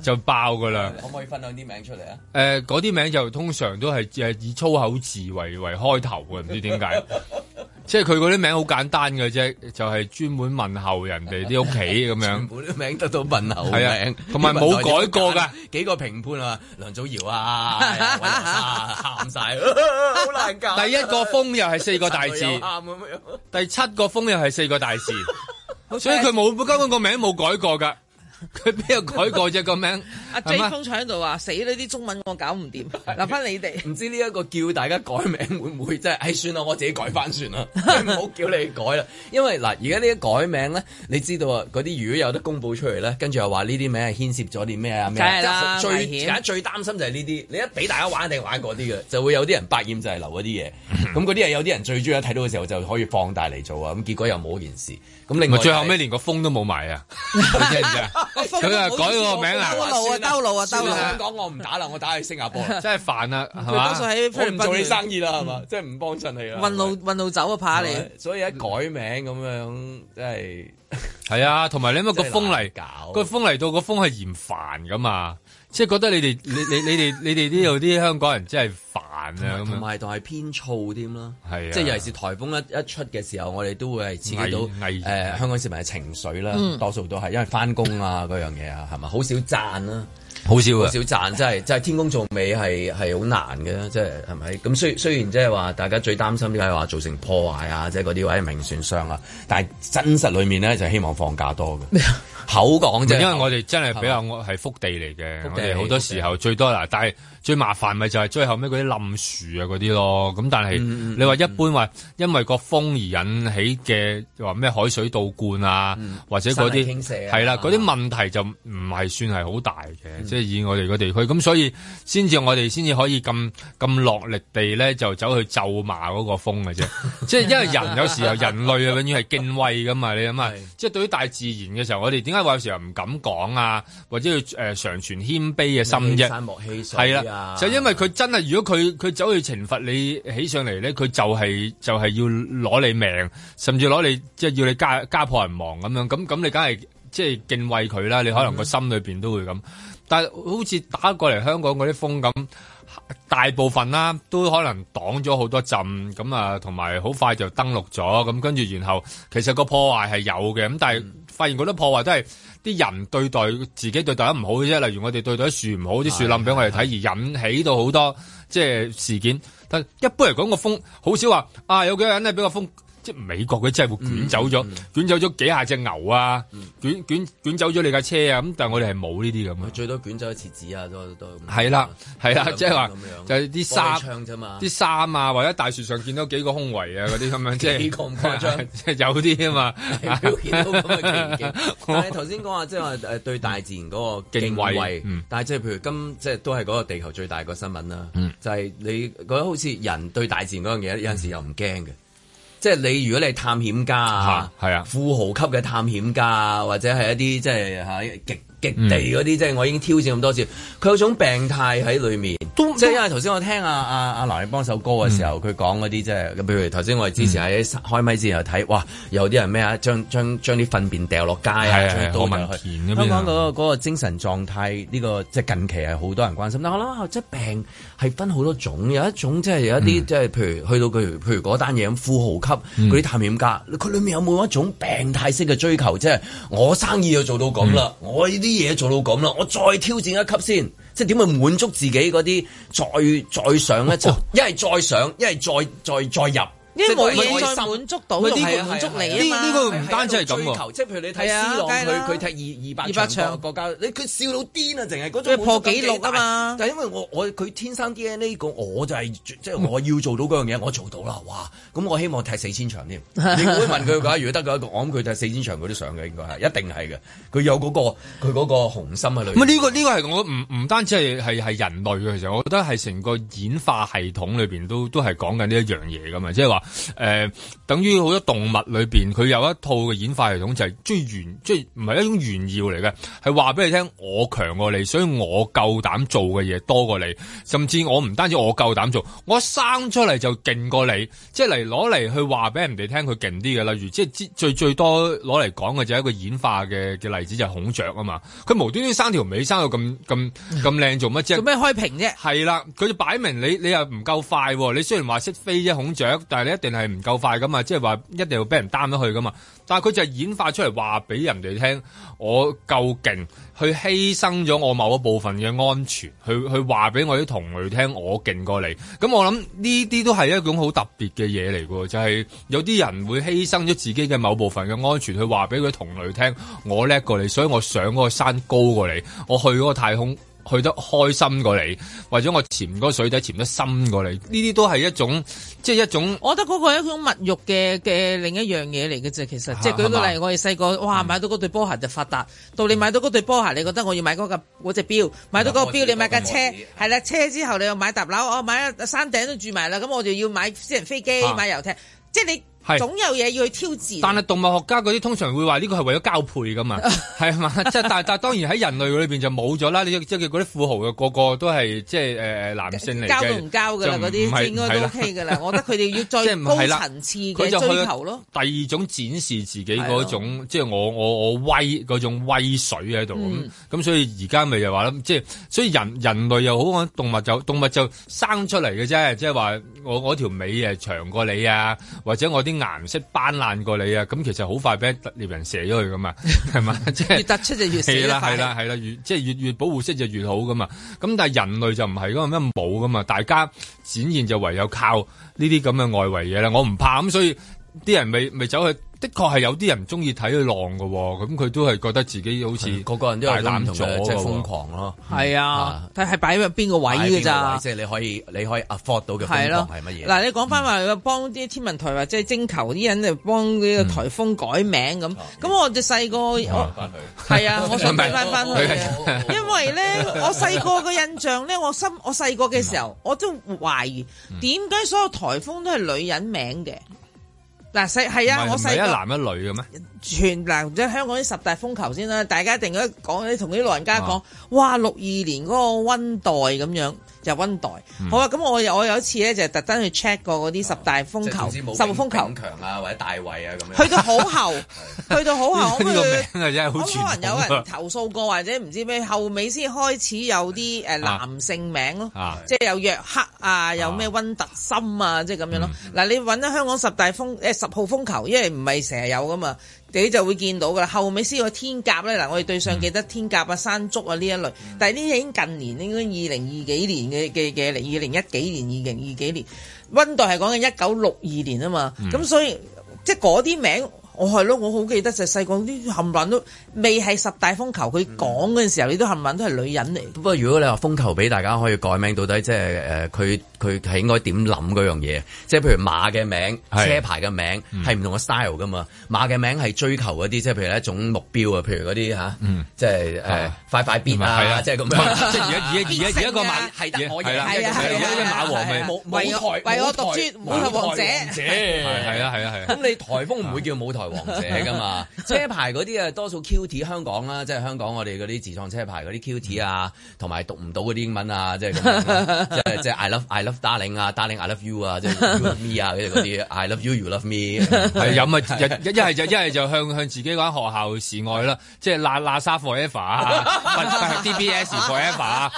就爆噶啦！可唔可以分享啲名出嚟啊？誒、呃，嗰啲名就通常都係誒以粗口字為為開頭嘅，唔知點解。 即係佢嗰啲名好簡單嘅啫，就係、是、專門問候人哋啲屋企咁樣。嗰啲名得到問候名，係啊，同埋冇改過噶。幾個評判啊，梁祖堯啊，喊 晒、啊啊 啊，好難搞。第一個封又係四個大字，第七個封又係四個大字， okay. 所以佢冇，根本個名冇改過噶。佢邊有改過啫個名？阿 J 封場喺度話，死呢啲中文我搞唔掂。嗱、啊，翻，你哋唔知呢一個叫大家改名會唔會真係？唉， 算啦，我自己改翻算啦，唔 好叫你改啦。因為嗱，而家呢一改名咧，你知道啊，嗰啲如果有得公布出嚟咧，跟住又話呢啲名係牽涉咗啲咩啊？咩啊？梗係啦，最危險！而家最擔心就係呢啲。你一俾大家玩，定 玩嗰啲嘅，就會有啲人百厭就係留嗰啲嘢。咁嗰啲係有啲人最中意睇到嘅時候就可以放大嚟做啊。咁結果又冇件事。咁另外，最後尾連個風都冇埋啊！佢啊改嗰個名啊，路啊，兜路啊，兜路！唔講我唔打啦，我打去新加坡真係煩啊。係佢干做你生意啦，係嘛？即係唔幫襯你啦，運路運路走啊，怕你！所以一改名咁樣，即係係啊，同埋你乜個風嚟搞，個風嚟到個風係嫌煩噶嘛？即係覺得你哋你你你哋你哋呢度啲香港人真係煩啊，咁唔同埋同係偏燥添啦，係啊，即係、啊、尤其是颱風一一出嘅時候，我哋都會係刺激到、呃、香港市民嘅情緒啦，多數都係因為翻工啊嗰樣嘢啊，係咪、啊？好少賺啦、啊。好少啊！少賺真係，真係天公造美係係好難嘅，即係係咪？咁雖雖然即係話大家最擔心啲係話造成破壞啊，即係嗰啲或者名船商啊，但係真實裏面咧就是、希望放假多嘅 咩口講啫，因為我哋真係比較係福地嚟嘅，我哋好多時候最多啦，但係。最麻煩咪就係最後尾嗰啲冧樹啊嗰啲咯，咁但係你話一般話因為個風而引起嘅話咩海水倒灌啊，嗯、或者嗰啲，係啦，嗰啲、啊、問題就唔係算係好大嘅，即、嗯、係以我哋個地區，咁所以先至我哋先至可以咁咁落力地咧就走去咒罵嗰個風嘅啫，即 係因為人有時候 人類啊永遠係敬畏噶嘛，你諗下，即係、就是、對於大自然嘅時候，我哋點解話有時候唔敢講啊，或者要、呃、常存謙卑嘅心啫，係啦、啊。就因為佢真係，如果佢佢走去懲罰你起上嚟咧，佢就係就係要攞你命，甚至攞你即係要你家家破人亡咁樣。咁咁你梗係即係敬畏佢啦。你可能個心裏邊都會咁、嗯。但係好似打過嚟香港嗰啲風咁，大部分啦都可能擋咗好多陣咁啊，同埋好快就登陸咗。咁跟住然後，其實個破壞係有嘅。咁但係發現嗰啲破壞都係。啲人對待自己，對大家唔好嘅啫，例如我哋對待啲樹唔好，啲樹冧俾我哋睇，是是是而引起到好多即係事件。但一般嚟講，個風好少話，啊有幾個人咧俾個風。即係美國佢真係會捲走咗，捲、嗯嗯、走咗幾下隻牛啊，捲捲捲走咗你架車啊！咁但係我哋係冇呢啲咁啊，最多捲走一次紙啊都都。係啦，係啦，樣即係話就係啲沙，嘛，啲沙啊，或者大樹上見到幾個胸圍啊嗰啲咁樣，即 係幾咁誇張，即 係有啲些啊嘛。見到咁嘅情景， 但係頭先講話即係話誒對大自然嗰個敬畏，敬畏嗯、但係即係譬如今即係都係嗰個地球最大個新聞啦、嗯，就係、是、你覺得好似人對大自然嗰樣嘢有陣時又唔驚嘅。即係你，如果你係探險家嚇，係啊，富豪級嘅探險家啊，或者係一啲即係吓極。極地嗰啲、嗯、即係我已經挑戰咁多次，佢有種病態喺裏面，嗯嗯、即係因為頭先我聽阿阿阿拿力邦首歌嘅時候，佢、嗯、講嗰啲即係，譬如頭先我哋之前喺開咪之前又睇，哇！有啲人咩啊，將將將啲糞便掉落街啊，墮民田咁香港嗰、嗰個嗰個精神狀態呢、呢個即係近期係好多人關心。但我諗即係病係分好多種，有一種即係有一啲即係譬如去到譬如譬如嗰單嘢咁富豪級嗰啲探險家，佢裏面有冇一種病態式嘅追求？即係我生意又做到咁啦、嗯，我啲嘢做到咁啦，我再挑戰一級先，即係點去滿足自己嗰啲再再上一層就一係再上，一係再再再再入。因為佢可以滿足到，啲、那個、滿足你啊呢、這個唔單止係咁喎，即係譬如你睇 C 朗，佢佢踢二二百二百場 ,200 場國家，你佢笑到癲啊！淨係嗰種紀破紀錄啊嘛。就因為我我佢天生 DNA 個，我就係即係我要做到嗰樣嘢，我做到啦。哇！咁我希望踢四千場添。 你會問佢㗎？如果得嗰一個，我諗佢踢四千場，佢都想嘅應該係，一定係嘅。佢有嗰、那個佢嗰個雄心喺裏面。呢、這個呢、這個係我唔唔單止係人類嘅時候，我覺得係成個演化系統裏面都都係講緊呢一樣嘢㗎嘛，即係話。誒、呃，等於好多動物裏邊，佢有一套嘅演化系統就最，就係中原即係唔係一種炫耀嚟嘅，係話俾你聽，我強過你，所以我夠膽做嘅嘢多過你，甚至我唔單止我夠膽做，我生出嚟就勁過你，即係嚟攞嚟去話俾人哋聽佢勁啲嘅啦。例如即係最最多攞嚟講嘅就係一個演化嘅嘅例子就係孔雀啊嘛，佢無端端生條尾生到咁咁咁靚，做乜啫？做咩開屏啫？係啦，佢就擺明你你又唔夠快，你雖然話識飛啫孔雀，但係你。一定係唔夠快噶嘛，即係話一定要俾人擔咗去噶嘛，但係佢就係演化出嚟話俾人哋聽，我夠勁，去犧牲咗我某一部分嘅安全，去去話俾我啲同類聽，我勁過你，咁我諗呢啲都係一種好特別嘅嘢嚟噶，就係、是、有啲人會犧牲咗自己嘅某部分嘅安全，去話俾佢同類聽，我叻過你，所以我上個山高過你，我去個太空。去得開心過嚟，或者我潛嗰個水底潛得深過嚟，呢啲都係一種，即係一種。我覺得嗰個係一種物欲嘅嘅另一樣嘢嚟嘅啫，其實、啊、即係舉個例，我哋細個哇買到嗰對波鞋就發達，到你買到嗰對波鞋，你覺得我要買嗰個、嗰隻表，買到嗰個表、嗯，你買架車，係啦、啊、車之後你又買搭樓，我買山頂都住埋啦，咁我就要買私人飛機、買遊艇，啊、即你。係，總有嘢要去挑戰。但係動物學家嗰啲通常會話呢個係為咗交配噶嘛，係 嘛？即但但當然喺人類裏面就冇咗啦。你即係嗰啲富豪嘅個個都係即係誒誒男性嚟嘅，交都唔交噶啦，嗰啲應該都 OK 噶啦。 我覺得佢哋要再高層次嘅追求咯。第二種展示自己嗰種即係、就是、我我我威嗰種威水喺度咁咁，所以而家咪就話即係所以人人類又好，動物就動物就生出嚟嘅啫，即係話。我我條尾誒長過你啊，或者我啲顏色斑爛過你啊，咁其實好快俾獵人射咗佢噶嘛，係嘛？ 越突出就越死啦，係啦係啦，越即係越越保護色就越好噶嘛。咁但係人類就唔係，咁樣冇噶嘛，大家展現就唯有靠呢啲咁嘅外圍嘢啦。我唔怕咁，所以啲人未未走去。的確係有啲人中意睇佢浪嘅，哦，咁佢都係覺得自己好似個個人都係攬咗嘅，即係瘋狂咯。係、嗯、啊，但係擺喺邊個位嘅咋？即係、就是、你可以你可以 afford 到嘅瘋狂係乜嘢？嗱、啊，你講翻話幫啲天文台或者係徵求啲人嚟幫呢個颱風改名咁。咁、嗯、我哋細個係啊，我想睇翻翻去，因為咧我細個嘅印象咧，我心我細個嘅時候、嗯、我都懷疑點解、嗯、所有颱風都係女人名嘅。嗱，細係啊，是我細一男一女嘅咩？全嗱即係香港啲十大風球先啦，大家一定要講，你同啲老人家講、啊、哇，六二年嗰個溫黛咁樣温袋、嗯，好啊！咁我我有一次咧就特登去 check 過嗰啲十大風球、啊、十號風球強啊，或者大衛啊咁樣，去到好後， 去到好很後， 我覺得、這個、好可能有人投訴過，或者唔知咩，後尾先開始有啲男性名咯、啊啊，即係有約克啊，啊有咩温特森啊，啊即係咁樣咯。嗱、嗯，你揾咗香港十大風誒十號風球，因為唔係成日有噶嘛。你就會見到噶啦，後尾先有天鴿咧，嗱我哋對上記得天鴿啊、山竹啊呢一類，但係呢啲已經近年應該二零二幾年嘅嘅嘅二零一幾年、二零二幾年，溫黛係講緊一九六二年啊嘛，咁、嗯、所以即係嗰啲名，我係咯，我好記得就細個啲冚唪唥都未係十大風球，佢講嗰陣時候，你都冚唪唥都係女人嚟。不過如果你話風球俾大家可以改名，到底即係誒佢？呃佢係應該點諗嗰樣嘢？即係譬如馬嘅名係、啊、車牌嘅名係唔同個 style 噶嘛？馬嘅名係追求嗰啲，即係譬如一種目標、嗯、啊，譬如嗰啲吓，即係誒快快變係啊、就是、係啊，即係咁。即係而家而家而家而家個馬係得我嘢，係啊而家啲馬王咪、啊啊、為我獨尊舞台王者，係啊係啊係啊！咁、啊啊啊啊、你台風唔會叫舞台王者㗎嘛、啊？車牌嗰啲啊，多數 Q T 香港啦，即、就、係、係、香港我哋嗰啲自創車牌嗰啲 Q T 啊，同埋讀唔到嗰啲英文啊，即係即係即係 I love I love。Darling 啊，Darling，I、啊、love you 啊，即係 you love me 啊，嗰啲 I love you，you you love me，係有咪一一係就一係就向向自己嗰間學校示愛啦，即係喇喇沙 forever 啊，D B S forever 啊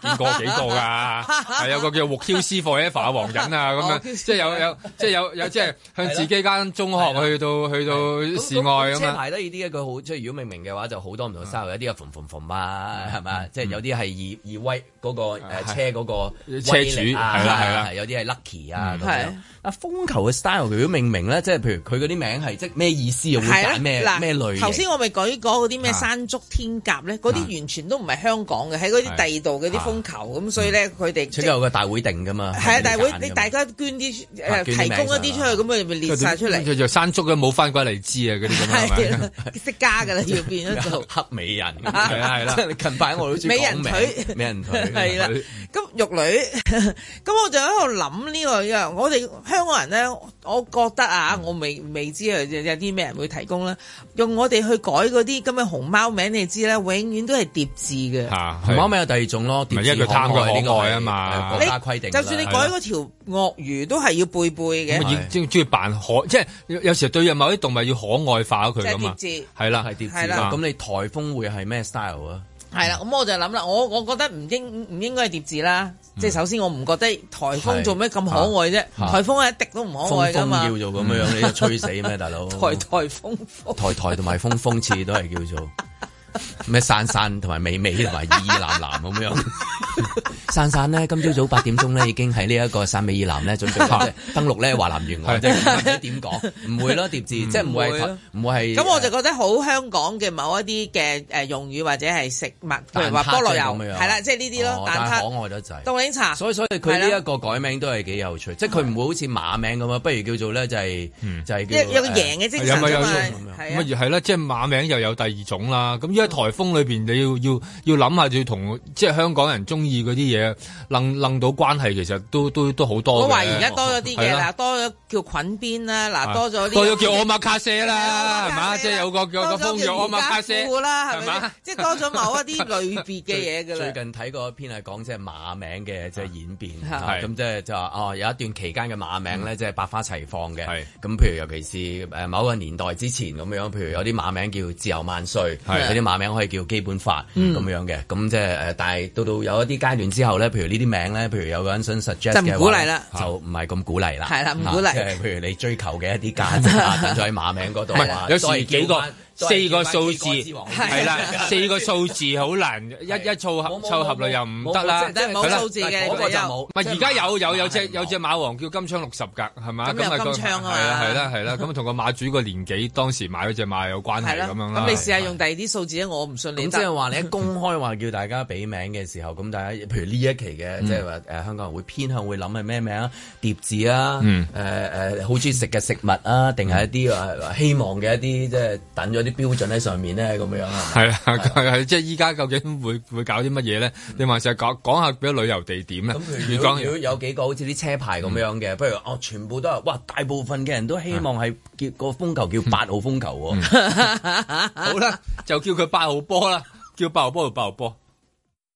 ，forever, 見過幾個噶，係 有個叫 Q C forever 啊，黃人啊咁樣，oh，即係有是有即係有有即係向自己間中學去到去到示愛咁啊。車牌得意啲嘅佢好，即係如果未明嘅話就好多唔同沙頭，有啲啊，馴馴馴啊，係咪，即係有啲係以以威嗰個誒車嗰個車主係啦，係啦，有啲係 lucky 啊。係啊，啊風球嘅 style 如果命名咧，即係譬如佢嗰啲名係即咩意思啊？會打咩咩類嘅？頭先我咪講一講嗰啲咩山竹天鴿咧，嗰啲完全都唔係香港嘅，喺嗰啲地道嗰啲風球咁，所以咧佢哋即係有個大會定噶嘛。係啊，大會你大家捐啲誒，提供一啲出去咁，佢咪列晒出嚟。就山竹嘅冇翻過荔枝啊，嗰啲咁樣。係啦，識加噶啦，要變咗就黑美人。係啦，近排我老。美人腿，美人腿係啦。咁玉女。 咁我就喺度諗呢個，我哋香港人呢，我覺得啊，我未，未知有啲咩人會提供咧，用我哋去改嗰啲咁嘅熊貓名，你知咧，永遠都係疊字嘅。嚇、啊，熊貓名有第二種咯，因為佢貪佢可愛啊、這個、嘛。這個、國家規定，就算你改嗰條鱷魚都係要背背嘅。咁意中意扮可，即係有時候對入某啲動物要可愛化佢咁嘛。即係疊字。係啦、啊，係疊字咁、啊啊、你颱風會係咩 style 啊？係啦，咁我就諗啦，我我覺得唔應唔應該係疊字啦。即係首先我唔覺得颱風做咩咁可愛啫、啊啊，颱風係一滴都唔可愛噶嘛。風風叫做咁樣，嗯、你吹死咩大佬？台颱風風台台同埋風風刺都係叫做咩？散散同埋美美同埋依依藍藍咁樣。 珊珊咧，今朝早八點鐘咧，已經喺呢一個汕尾以南咧，準備 登陸咧華南沿海，唔知點講，唔會咯疊字，即係唔會唔會係。咁我就覺得好香港嘅某一啲嘅用語或者係食物，譬如話菠蘿油，係啦，即係呢啲咯。蛋蛋但係可愛得滯、就是，凍青茶。所以所以佢呢一個改名都係幾有趣，即係佢唔會好似馬名咁樣，不如叫做咧就係、是嗯、就係、是、叫。嗯、有個贏嘅咁即係馬名又有第二種啦。咁依家颱風裏邊，你要要要諗下，要同即係香港人中意啲嘢。掕掕到關係其實都都都好多，我懷疑而家多咗啲嘅嗱，多咗叫菌邊、啊、叫啦，嗱多咗多咗叫奧馬卡舍啦，係嘛，即係、就是、有個叫我個卡啦，係嘛，即係多咗某一啲類別嘅嘢嘅啦。最近睇過一篇係講即係馬名嘅即係演變，咁即係就話哦有一段期間嘅馬名咧即係百花齊放嘅，咁譬、嗯、如尤其是誒某個年代之前咁樣，譬如有啲馬名叫自由萬歲，有啲、嗯、馬名可以叫基本法咁、嗯、樣嘅，咁即係誒，但係到到有一啲階段之後。後咧，譬如呢啲名咧，譬如有人想 suggest 嘅話，就唔係咁鼓勵啦。係啦，唔鼓勵、啊即係、譬如你追求嘅一啲價值，咁 在馬名嗰度， 有時幾個。四個數字係啦，四個數字好難，一一組合，湊合落又唔得啦。即唔冇數字嘅，我就冇。而家有有有隻有隻馬王叫金槍六十格，係咪、嗯、啊？金槍六十格，係啦係啦，咁同 個馬主個年紀 當時買嗰隻馬有關係咁樣，咁你試下用第二啲數字 我唔信你。咁即係話你一公開話叫大家俾名嘅時候，咁大家譬如呢一期嘅、嗯，即係話、呃、香港人會偏向會諗係咩名啊？碟字啊？好鍾意食嘅食物啊？定係一啲話希望嘅一啲，即係等咗啲。 標準喺上面咧，咁樣啊，係啦，係即係依家究竟會會搞啲乜嘢咧？嗯、你還是係講講下幾多旅遊地點咧？咁，如果如果有幾個好似啲車牌咁樣嘅，嗯、不如哦，全部都係，哇，大部分嘅人都希望係、嗯、叫、個風球叫八號風球，嗯、 好啦，就叫佢八號波啦，叫八號波就八號波。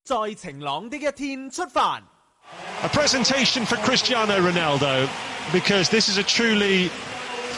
在晴朗的一天出發。A presentation for Cristiano Ronaldo because this is a truly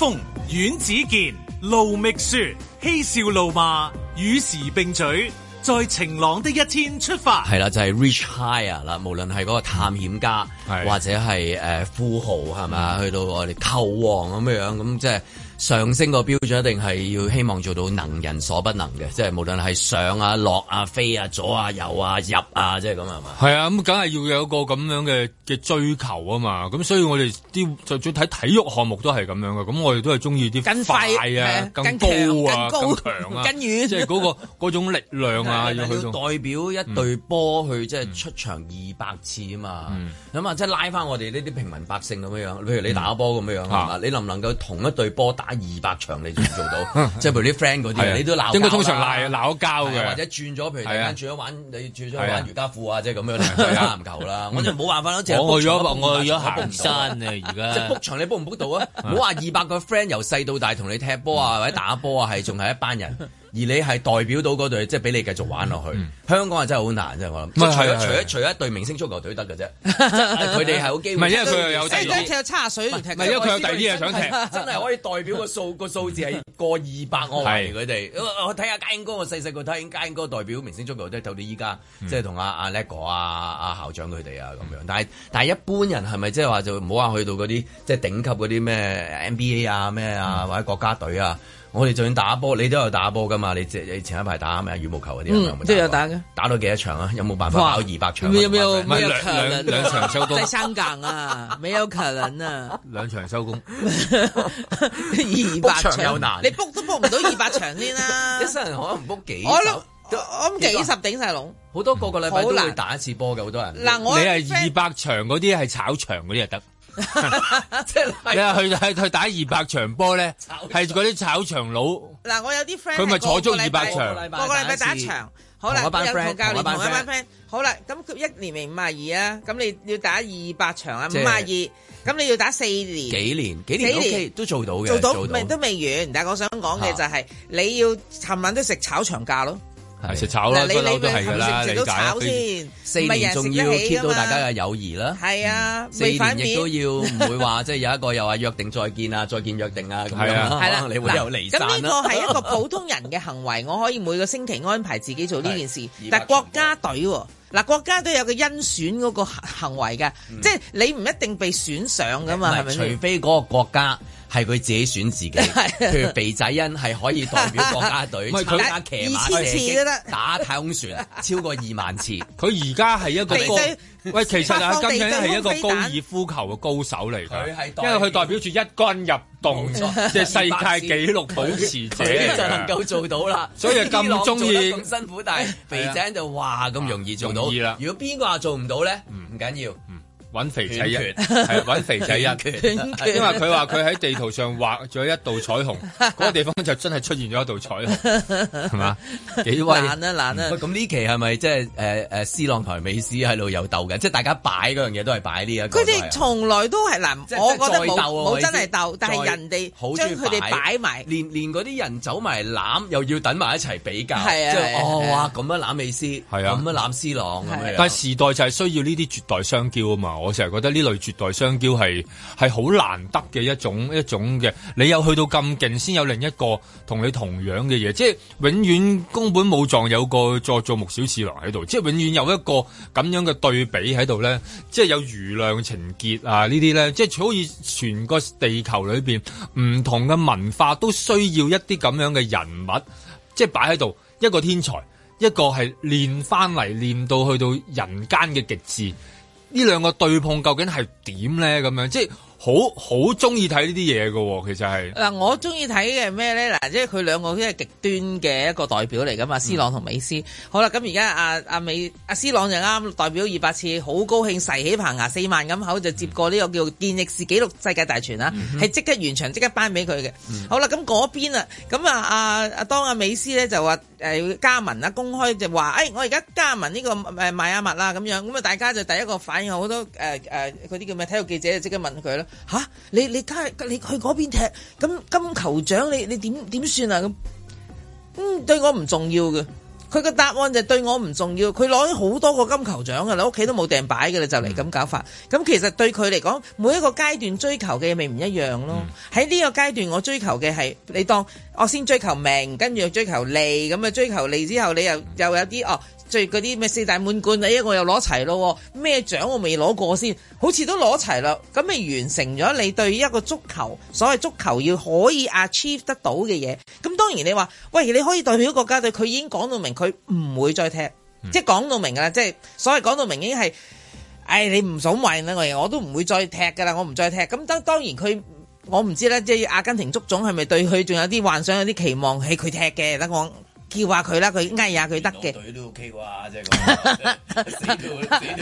風阮子健盧覓雪，嬉笑怒罵與時並嘴，在晴朗的一天出發係啦，就係、是、reach higher 啦。無論係嗰個探險家是，或者係誒、呃、富豪，係嘛，去到我哋球王咁樣咁，即係、就是。上升個標準一定係要希望做到能人所不能嘅，即係無論係上啊、落啊、飛啊、左啊、右啊、入啊，即係咁樣係嘛。係啊，咁梗係要有一個咁樣嘅嘅追求啊嘛。咁所以我哋啲就想睇體育項目都係咁樣嘅。咁我哋都係中意啲快啊更、更高啊、更強啊、更遠啊，即係嗰個嗰 種力量啊。對對對，要去要代表一隊波去即係出場二百次啊嘛。咁、嗯、啊、嗯，即係拉翻我哋呢啲平民百姓咁樣樣。譬如你打波咁樣係、嗯、你能唔能夠同一隊波打？二百場你做唔做到，即 係譬如啲 friend 嗰啲， 你都鬧，應該通常鬧鬧交嘅，或者轉咗，譬如突然間轉咗玩你轉咗玩瑜伽褲啊，即係咁樣再打籃球啦、 嗯。我就冇辦法咯，即係我去我去我我行唔山啊，而家即係 book 場你 book 唔 book 到啊？唔好話二百個 friend 由細到大同你踢波啊，或者打波啊，係仲係一班人。而你係代表到嗰隊，即係俾你繼續玩落去。嗯、香港係真係好難，真係我諗。除咗除咗除一隊明星足球隊得㗎啫，佢哋係好機會。唔係因為佢又有第二即係踢到叉水，唔係因為佢有第二啲係想踢，真係可以代表個數個 數字係過二百個。佢哋我睇下嘉英哥，我細細個睇嘉英哥代表明星足球隊，到到依家即係同阿阿叻哥、阿、嗯、阿、啊、校長佢哋啊咁樣。但係但係一般人係咪即係話就唔好話去到嗰啲即係頂級嗰啲咩 NBA 啊咩啊或者國家隊啊？我哋就算打波，你都有打波㗎嘛？你即你前一排打咩羽毛球嗰啲？嗯，都有，有打嘅。打到幾多，場啊，到多場，啊到場啊？有冇辦法打，打，打到二百場？有有冇兩場收工？第三更啊，未有可能啊。兩場收工，二百場有難，你卜都卜唔到二百場先啦。一生人可能唔幾十，我諗幾，幾十頂晒籠。好多個個禮拜都會打一次波嘅，好多人。嗱，你係二百場嗰啲係炒場嗰啲就得。你啊去去去打二百場波咧，係嗰啲炒場佬。嗱，我有啲 friend，佢咪坐足二百場，個個禮拜打場。好啦，我有同教練同一班 friend。好啦，咁一年明五啊二啊，咁你要打二百場啊，五啊二，咁你要打四年。幾年？幾年？幾年？都做到嘅，做到未？都未完。但係我想講嘅就係，你要尋晚都食炒場價咯。係食炒啦，嗰樓都係噶啦，炒、啊啊啊啊啊啊、理解。四年仲要 keep 到大家嘅友誼啦。係啊、嗯未反，四年亦都要唔會話即係有一個又話約定再見啊，再見約定啊咁、啊、樣。係、啊、啦，你會又離散啦咁，呢個係一個普通人嘅行為， 我可以每個星期安排自己做呢件事。啊、200，但係國家隊喎，嗱、嗯啊，國家都有個甄選嗰個行為嘅，即、嗯、係、就是、你唔一定被選上噶嘛，係咪、啊啊？除非嗰個國家。係佢自己選自己，譬 如肥仔欣係可以代表國家隊佢加 騎馬射擊，次次 打太空船超過二萬次。佢而家係一個， 喂，其實啊， 今英係一個高爾夫球嘅高手嚟嘅，因為佢代表住一桿入洞，即係、就係、世界紀錄保持者， 百次 就能夠做到啦。 所以咁中意咁辛苦，但係肥仔恩就話咁 容易做到啦、啊。如果邊個話做唔到咧？唔緊要。揾肥仔一，係揾肥仔一，因為佢話佢喺地圖上畫咗一道彩虹，嗰 個地方就真係出現咗一道彩虹，係 嘛？幾威！難啊難啊！咁呢、啊嗯、期係咪即係誒誒？C 朗台美斯喺度有鬥嘅，即係大家擺嗰樣嘢都係擺呢一個。佢哋從來都係難、就是，我覺得冇冇真係鬥，但係人哋好將佢哋擺埋，連連嗰啲人走埋攬又要等埋一齊比較，即係、啊就是、哦哇！咁樣攬美斯，係啊咁樣攬 C 朗，咁、啊、樣。但係時代就係需要呢啲絕代雙驕啊嘛～我成日覺得呢類絕代雙驕係係好難得嘅一種一種嘅，你有去到咁勁，先有另一個同你同樣嘅嘢。即係永遠宮本武藏，有個佐佐木小次郎喺度，即係永遠有一個咁樣嘅對比喺度咧，即係有瑜亮情結啊呢啲咧，即係好似全個地球裏邊唔同嘅文化都需要一啲咁樣嘅人物，即係擺喺度一個天才，一個係練翻嚟練到去到人間嘅極致。呢兩個對碰究竟係點咧？咁樣即係。好好中意睇呢啲嘢喎。其實係嗱、啊，我中意睇嘅咩咧？嗱、啊，即係佢兩個都係極端嘅一個代表嚟噶嘛，斯朗同美斯。好啦，咁而家阿阿美阿、啊、斯朗就啱、啊、代表二百次，好高興勢起棚牙四萬咁口就接過呢、這個、嗯、叫健力士紀錄世界大全啦，係、嗯、即刻完場，即刻頒俾佢嘅。好啦，咁嗰邊啊，咁啊啊阿當阿美斯咧就話加、呃、盟啊，公開就話誒、哎、我而家加盟呢、這個誒邁阿密啦咁樣，咁啊大家就第一個反應好多誒誒啲叫咩體育記者就即刻問佢咯。吓？你你你，你去嗰邊踢，咁金球獎你你點點算啊？咁、嗯、對我唔重要嘅，佢個答案就對我唔重要。佢攞咗好多個金球獎噶啦，屋企都冇埞擺嘅啦，就嚟咁搞法。咁其實對佢嚟講，每一個階段追求嘅嘢咪唔一樣咯。喺呢個階段，我追求嘅係你當我先追求名，跟住追求利，咁啊追求利之後，你又又有啲哦。最嗰啲咩四大滿貫，哎一個又攞齊咯，咩獎我未攞過先？好似都攞齊啦，咁咪完成咗你對一個足球，所謂足球要可以 achieve 得到嘅嘢。咁當然你話，喂，你可以代表國家隊，佢已經講到明，佢唔會再踢，即係講到明噶啦，即係所謂講到明已經係，唉、哎，你唔想問嘢，我都唔會再踢噶啦，我唔再踢。咁當當然佢，我唔知呢，即係阿根廷足總係咪對佢仲有啲幻想，有啲期望係佢踢嘅，得叫下佢啦，佢嗌下佢得嘅。佢、就是、 都 OK 啩，即係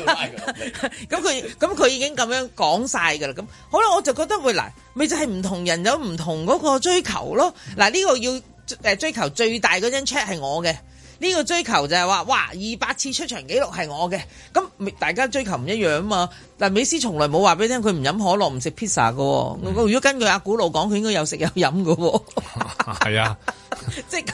咁。佢。 咁佢咁佢已經咁樣講晒㗎啦。咁 好啦，我就覺得會嗱，咪就係唔同人有唔同嗰個追求咯。嗱、嗯、呢、這個要追求最大嗰張 check 係我嘅。呢、這個追求就係話哇二百次出場記錄係我嘅。咁大家追求唔一樣啊嘛。但美斯從來冇話俾你聽佢唔飲可樂唔食 pizza 嘅、嗯。如果根據阿古路講，佢應該有食有飲嘅。係啊。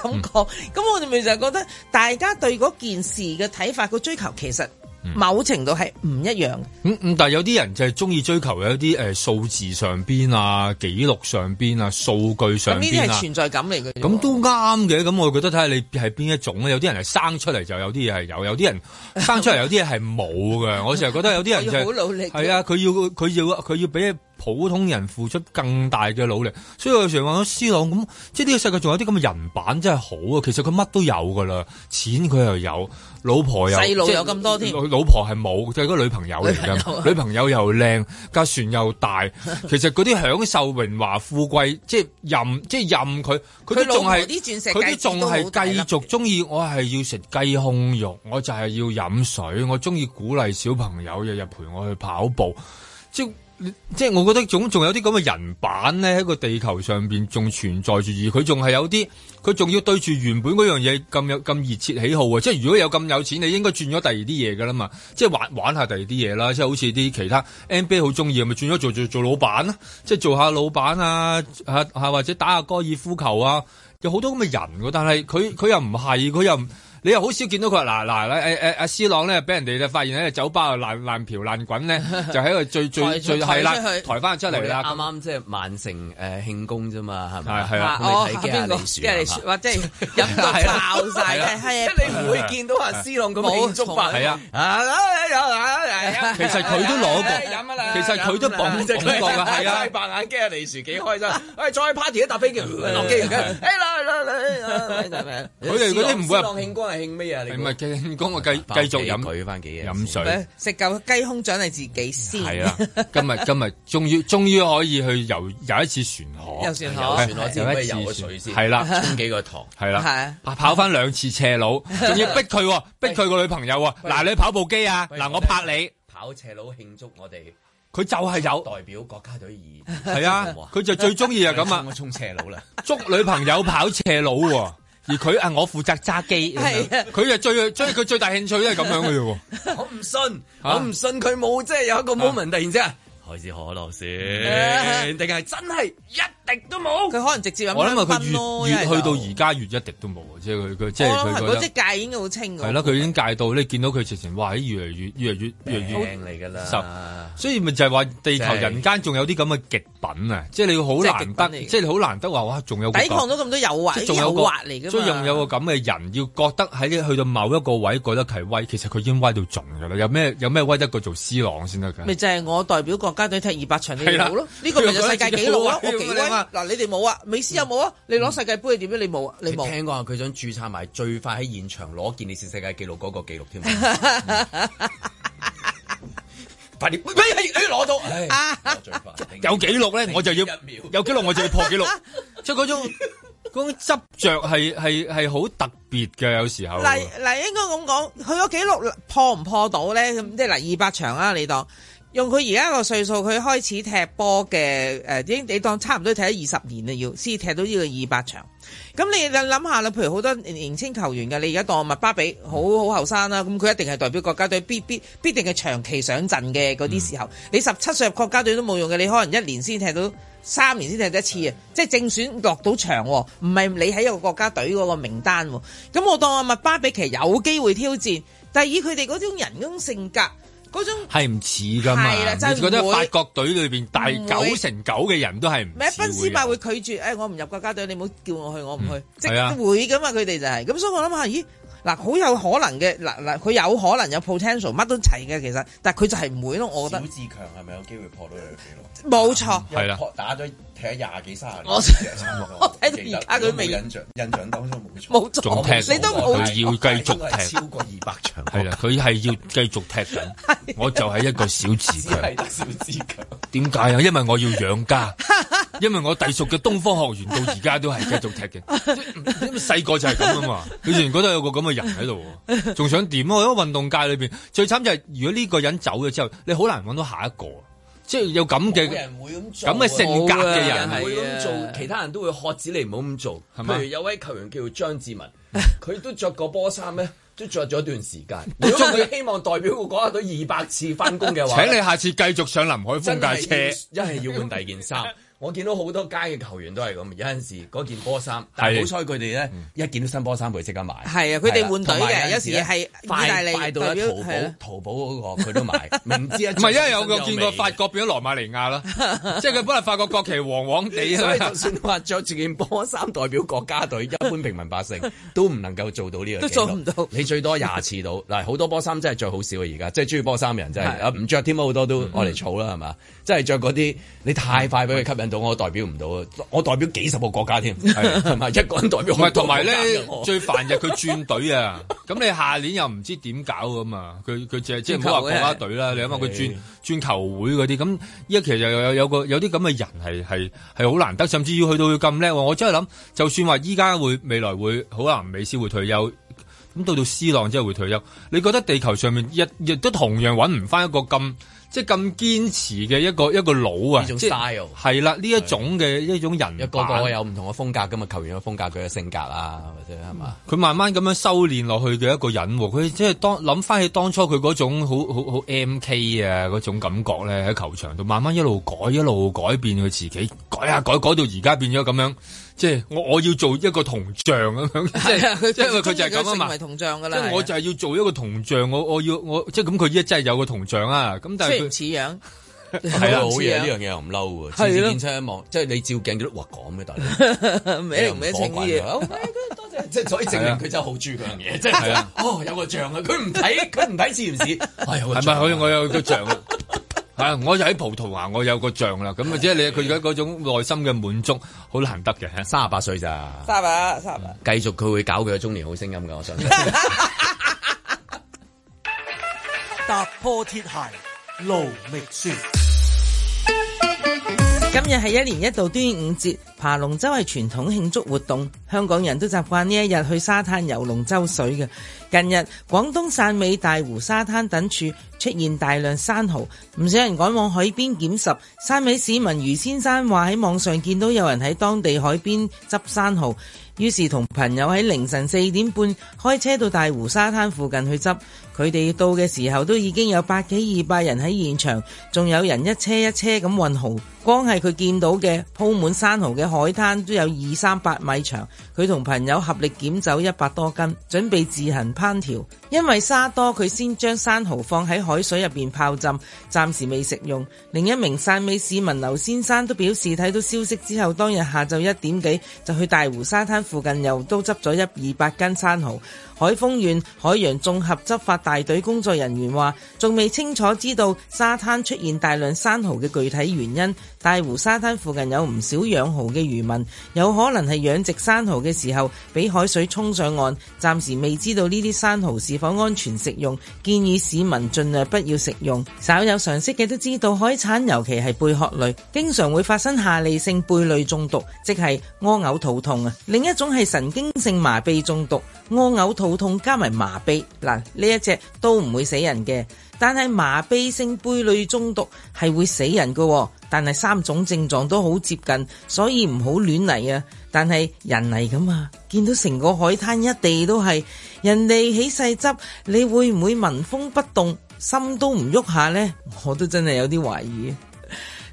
感覺，咁我哋咪就係覺得大家對嗰件事嘅睇法，個追求其實某程度係唔一樣。嗯嗯，但係有啲人就係中意追求有啲誒數字上邊啊、紀錄上邊啊、數據上邊呢啲係存在感嚟嘅。咁都啱嘅，咁我覺得睇下你係邊一種咧。有啲人係生出嚟就有啲嘢係有，有啲人生出嚟有啲嘢係冇嘅。 我成日覺得有啲人就係、是、好努力，係啊，佢要佢要佢要俾。普通人付出更大嘅努力，所以有時話咗 C 朗咁，即係呢個世界仲有啲咁嘅人版真係好啊！其實佢乜都有噶啦，錢佢又有，老婆又細路有咁多添，老婆係冇，就係個女朋友嚟噶，女朋友又靚，架船又大。其實嗰啲享受榮華富貴， 即係任，即係任佢。佢都仲係，佢都仲係繼續中意。我係要食雞胸肉，我就係要飲水。我中意鼓勵小朋友日日陪我去跑步。即即係我覺得仲仲有啲咁嘅人板咧，喺個地球上邊仲存在住，而佢仲係有啲，佢仲要對住原本嗰樣嘢咁有咁熱切喜好啊！即係如果有咁有錢，你應該轉咗第二啲嘢噶啦嘛！即係玩玩下第二啲嘢啦，即係好似啲其他 NBA 好中意，咪轉咗做做做老闆啦，即係做下老闆啊，或者打下高爾夫球啊，有好多咁嘅人，但係佢佢又唔係，佢又唔你又好少見到佢話嗱嗱咧誒阿 C 朗咧俾人哋咧發現喺個酒吧爛爛爛，爛爛嫖爛滾咧就喺個最最最係啦抬返出嚟啦啱啱即係曼城誒慶功啫嘛係咪係啊？我邊個、啊啊？即係基利殊話即係飲到爆曬係啊，啊，啊，啊！你唔會見到阿、啊、C 朗咁變足白係啊！其實佢都攞過、啊啊，其實佢都捧過啊！戴白眼鏡阿基利殊幾開心！再 party 一搭飛機落機嘅，佢哋嗰啲唔會慶功咩啊？你唔係興，講我繼繼續飲佢翻幾嘢，飲水食夠雞胸掌嚟自己先。係啊，今日今日終於終於可以去游游一次船河，游船河，船河先可以游個水先。係啦，啊，沖幾個糖，係啦，啊啊，跑翻兩次斜路，仲要逼佢，逼佢個女朋友啊！嗱，你跑步機啊，嗱，我拍你跑斜路慶祝我哋，佢就係有代表國家隊而係啊，佢就最中意就咁啊，沖，沖斜路啦，捉女朋友跑斜路。 而佢啊， 我負責揸機，係啊，佢啊最 最佢最大興趣都係咁樣嘅啫喎，我唔信，我唔信佢冇即係有一個 moment、啊、突然之間。開始可樂先，定係真係一滴都冇？佢可能直接有咩分我諗佢越，越，越去到而家越一滴都冇，即係佢佢即係。佢嗰隻戒已經好清喎。係咯，佢已經戒到你見到佢直情哇喺越嚟越越嚟越越嚟越嚟㗎啦。所以咪就係話地球人間仲有啲咁嘅極品啊！即係你要好難得，就是、即係好難得話哇，仲有個抵抗到咁多誘惑有個誘惑嚟，所以又有，有個咁嘅人要覺得喺去到某一個位覺得係威，其實佢已經威到盡㗎啦。有咩有咩威得佢做師郎先得㗎？咪就係我代表個。國家隊踢二百場你，呢個記錄咯，呢個咪就世界紀錄啊，我幾威？嗱，你哋冇啊？美斯有冇啊？你攞世界杯你點樣？你冇？你冇？你聽講佢想注冊埋最快喺現場攞健力士世界紀錄嗰個記錄添。 嗯、 快啲，攞到！啊、有記錄咧，我就要；有記錄，我就要破記錄。即係嗰種 種執着，係係係好特別嘅。有時候嗱嗱，應該咁講，佢個記錄破唔破到咧？咁即係嗱，二百場啊，你當。用佢而家個歲數，佢開始踢波嘅，已、呃、經你當差唔多踢咗二十年啦，要先踢到呢個二百場。咁你諗下啦，譬如好多年青球員嘅，你而家當阿麥巴比好好後生啦，咁佢一定係代表國家隊必必必定係長期上陣嘅嗰啲時候。嗯、你十七歲入國家隊都冇用嘅，你可能一年先踢到三年先踢得一次啊！即係正選落到場喎，唔係你喺一個國家隊嗰個名單喎。咁我當阿麥巴比其實有機會挑戰，但係以佢哋嗰種人工性格。嗰種係唔似噶嘛，我覺得法國隊裏面大，大九成九嘅人都係唔咩分斯曼會，會拒絕，誒、哎、我唔入國家隊，你唔好叫我去，我唔去，嗯、即係會噶嘛，佢哋就係、是。咁所以我諗下，咦嗱，好有可能嘅嗱嗱，佢有可能有 potential，乜都齊嘅其實，但佢就係唔會咯，我覺得。小志強係咪有機會破到？冇錯，啦、嗯，打咗踢廿幾卅年。 但佢未印象，印象當中冇錯，冇仲踢到，你都冇，要繼續踢，超過二百場。係啦、啊，佢係要繼續踢緊。我就係一個小自強。小自強。點解啊？因為我要養家， 因為我隸屬嘅東方學院到而家都係繼續踢嘅。細 個就係咁啊嘛？以前嗰度有個咁嘅人喺度，仲想點啊？我喺運動界裏邊最慘就係，如果呢個人走咗之後，你好難搵到下一個。即係有咁嘅咁嘅性格嘅人，啊啊、人會咁做，啊，其他人都會喝止你唔好咁做。譬如有位球員叫張志文，佢都着過波衫咧， 都着咗一段時間。如果佢希望代表個下隊二百次翻工嘅話， 請你下次繼續上林海峰架車，一係要， 要，要換第二件衫。 我見到好多街嘅球員都係咁，有陣時嗰件波衫，但係好彩佢哋咧，一件都新波衫佢即刻買。係啊，佢哋換隊嘅，有時係意大利快快淘，淘寶淘寶嗰個佢都買， 明知啊，唔係因為有個見過法國變咗羅馬尼亞啦，即係佢本來法國國旗黃黃地就算話着住件波衫代表國家隊，一般平民百姓 都唔能夠做到呢個，都做唔到。你最多廿次到嗱，好 多波衫真係最好笑啊！而家即係中意波衫嘅人真係唔着添啊，好多都愛嚟儲啦，係、嗯、嘛？即係着嗰啲你太快俾佢吸引。我代表唔到啊，我代表幾十個國家添，係 一個人代表多國家？唔係，同埋咧，最煩就佢轉隊啊！咁 你下年又唔知點搞咁啊？佢佢就即係唔好話國家隊啦、啊，你諗下佢轉轉球會嗰啲咁，依家其實又有有個有啲咁嘅人係係係，好難得，甚至要去到佢咁叻。我真係諗，就算話依家會未來會好難，美斯會退休，咁到到 C 朗真係會退休。你覺得地球上面亦亦都同樣搵唔翻一個咁？即係咁堅持嘅一個一個佬啊！呢種 style 係啦，呢一種嘅一種人，一個個有唔同嘅風格噶嘛，球員嘅風格，佢嘅性格啊，或者係嘛？佢、嗯、慢慢咁樣修煉落去嘅一個人，佢即係當諗翻起當初佢嗰種好好好 MK 啊嗰種感覺咧喺球場度，慢慢一路改一路改變佢自己，改下、啊、改、啊、改到而家變咗咁樣。即係我我要做一個銅像咁、啊、樣，即係因為佢就係咁啊嘛，即係我就係要做一個銅像，我要我要我即係咁佢依家真係有個銅像，像 啊，咁但係似樣係、這個、啊，好嘢。呢樣嘢又唔嬲嘅，見親一望，即係你照鏡見到哇，講咩？嘅大佬，咩嚟咩嘢？多謝，即係所以證明佢真係好鍾意呢樣嘢，即 係真是、 哦、啊，像像哦有個像啊，佢唔睇佢唔睇似唔似，係有咪？我有我有個像啊。 係、嗯，我就喺葡萄牙，我有個像啦，咁即係你佢嘅嗰種內心嘅滿足好難得嘅，三十八歲咋？三十八，三十八。繼、嗯、續佢會搞佢嘅中年好聲音噶，我想。 踏破鐵鞋無覓處。今日係一年一度端午節，爬龍舟係傳統慶祝活動，香港人都習慣呢一日去沙灘游龍舟水嘅。近日，廣東汕尾大湖沙灘等處出現大量山蠔，唔少人趕往海邊撿拾。汕尾市民余先生話喺網上見到有人喺當地海邊執生蠔，於是同朋友喺凌晨四點半開車到大湖沙灘附近去執。佢哋到嘅時候都已經有百幾二百人喺現場，仲有人一車一車咁運蠔，光係佢見到嘅鋪滿山蠔嘅海灘都有二三百米長。佢同朋友合力撿走一百多斤，準備自行條，因為沙多，佢先將生蠔放喺海水入邊泡浸，暫時未食用。另一名汕尾市民劉先生都表示，睇到消息之後，當日下晝一點幾就去大湖沙灘附近，又都執咗一二百斤生蠔。海豐縣海洋綜合執法大隊工作人員話，仲未清楚知道沙灘出現大量生蚝嘅具體原因。大湖沙灘附近有唔少養蚝嘅漁民，有可能係養殖生蚝嘅時候俾海水沖上岸。暫時未知道呢啲生蚝是否安全食用，建議市民盡量不要食用。稍有常識嘅都知道，海產尤其係貝殼類，經常會發生下痢性貝類中毒，即係屙嘔、肚痛啊。另一種係神經性麻痹中毒，屙嘔、肚。肚痛加埋麻痹，嗱呢一隻都唔會死人嘅，但係麻痹性貝類中毒係會死人嘅。但係三種症狀都好接近，所以唔好亂嚟啊！但係人嚟㗎嘛，見到成個海灘一地都係人哋起細汁，你會唔會聞風不動，心都唔喐下呢？我都真係有啲懷疑。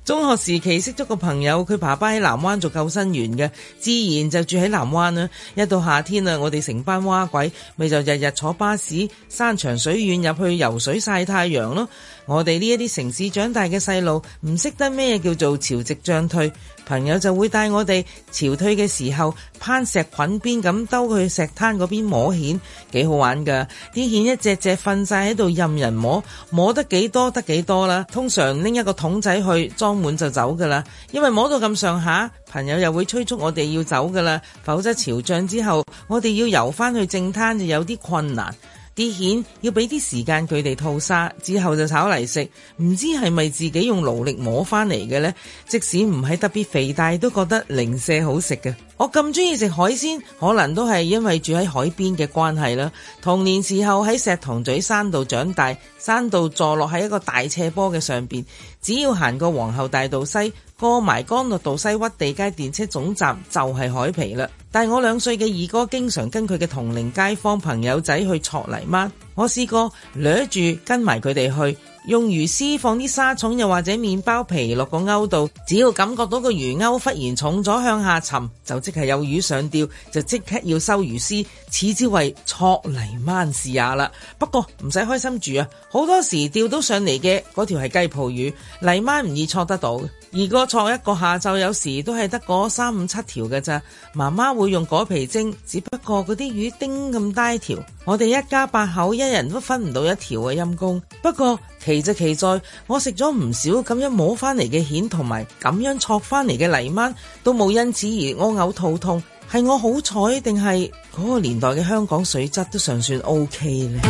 中學時期識咗個朋友，佢爸爸喺南灣做救生員嘅，自然就住喺南灣啦。一到夏天啊，我哋成班蛙鬼咪就日日坐巴士，山長水遠入去游水曬太陽咯。我哋呢一啲城市長大嘅細路，唔識得咩叫做潮汐漲退。朋友就會帶我哋潮退嘅時候攀石殼邊咁兜去石灘嗰邊摸蜆，幾好玩噶！啲蜆一隻隻瞓曬喺度任人摸，摸得幾多得幾多啦。通常拎一個桶仔去裝滿就走噶啦，因為摸到咁上下，朋友又會催促我哋要走噶啦，否則潮漲之後，我哋要遊翻去正灘就有啲困難。啲蜆要俾啲時間佢哋吐沙，之後就炒嚟食，唔知係咪自己用勞力摸翻嚟嘅呢？即使唔係特別肥大，但係都覺得零舍好食嘅。我咁中意食海鮮，可能都係因為住喺海邊嘅關係啦。童年時候喺石塘咀山道長大，山道坐落喺一個大斜坡嘅上面，只要行過皇后大道西，過埋干諾道西屈地街電車總站就係、是、海皮啦。但係我兩歲嘅二哥經常跟佢嘅同齡街坊朋友仔去捉泥鰻。我試過掠住跟埋佢哋去，用魚絲放啲沙蟲又或者麵包皮落個鉤度，只要感覺到個魚鈎忽然重咗向下沉，就即係有魚上釣，就即刻要收魚絲，此之為捉泥鰻是也啦。不過唔使開心住啊，好多時釣到上嚟嘅嗰條係雞泡魚，泥鰻唔易捉得到。而個戳一個下晝，有時都係得嗰三五七條嘅啫。媽媽會用果皮蒸，只不過嗰啲魚丁咁低條。我哋一家八口，一人都分唔到一條嘅陰公。不過奇就奇在，我食咗唔少咁樣摸翻嚟嘅蜆同埋咁樣戳翻嚟嘅泥鯭，都冇因此而屙嘔肚痛。係我好彩定係嗰個年代嘅香港水質都尚算 OK 呢？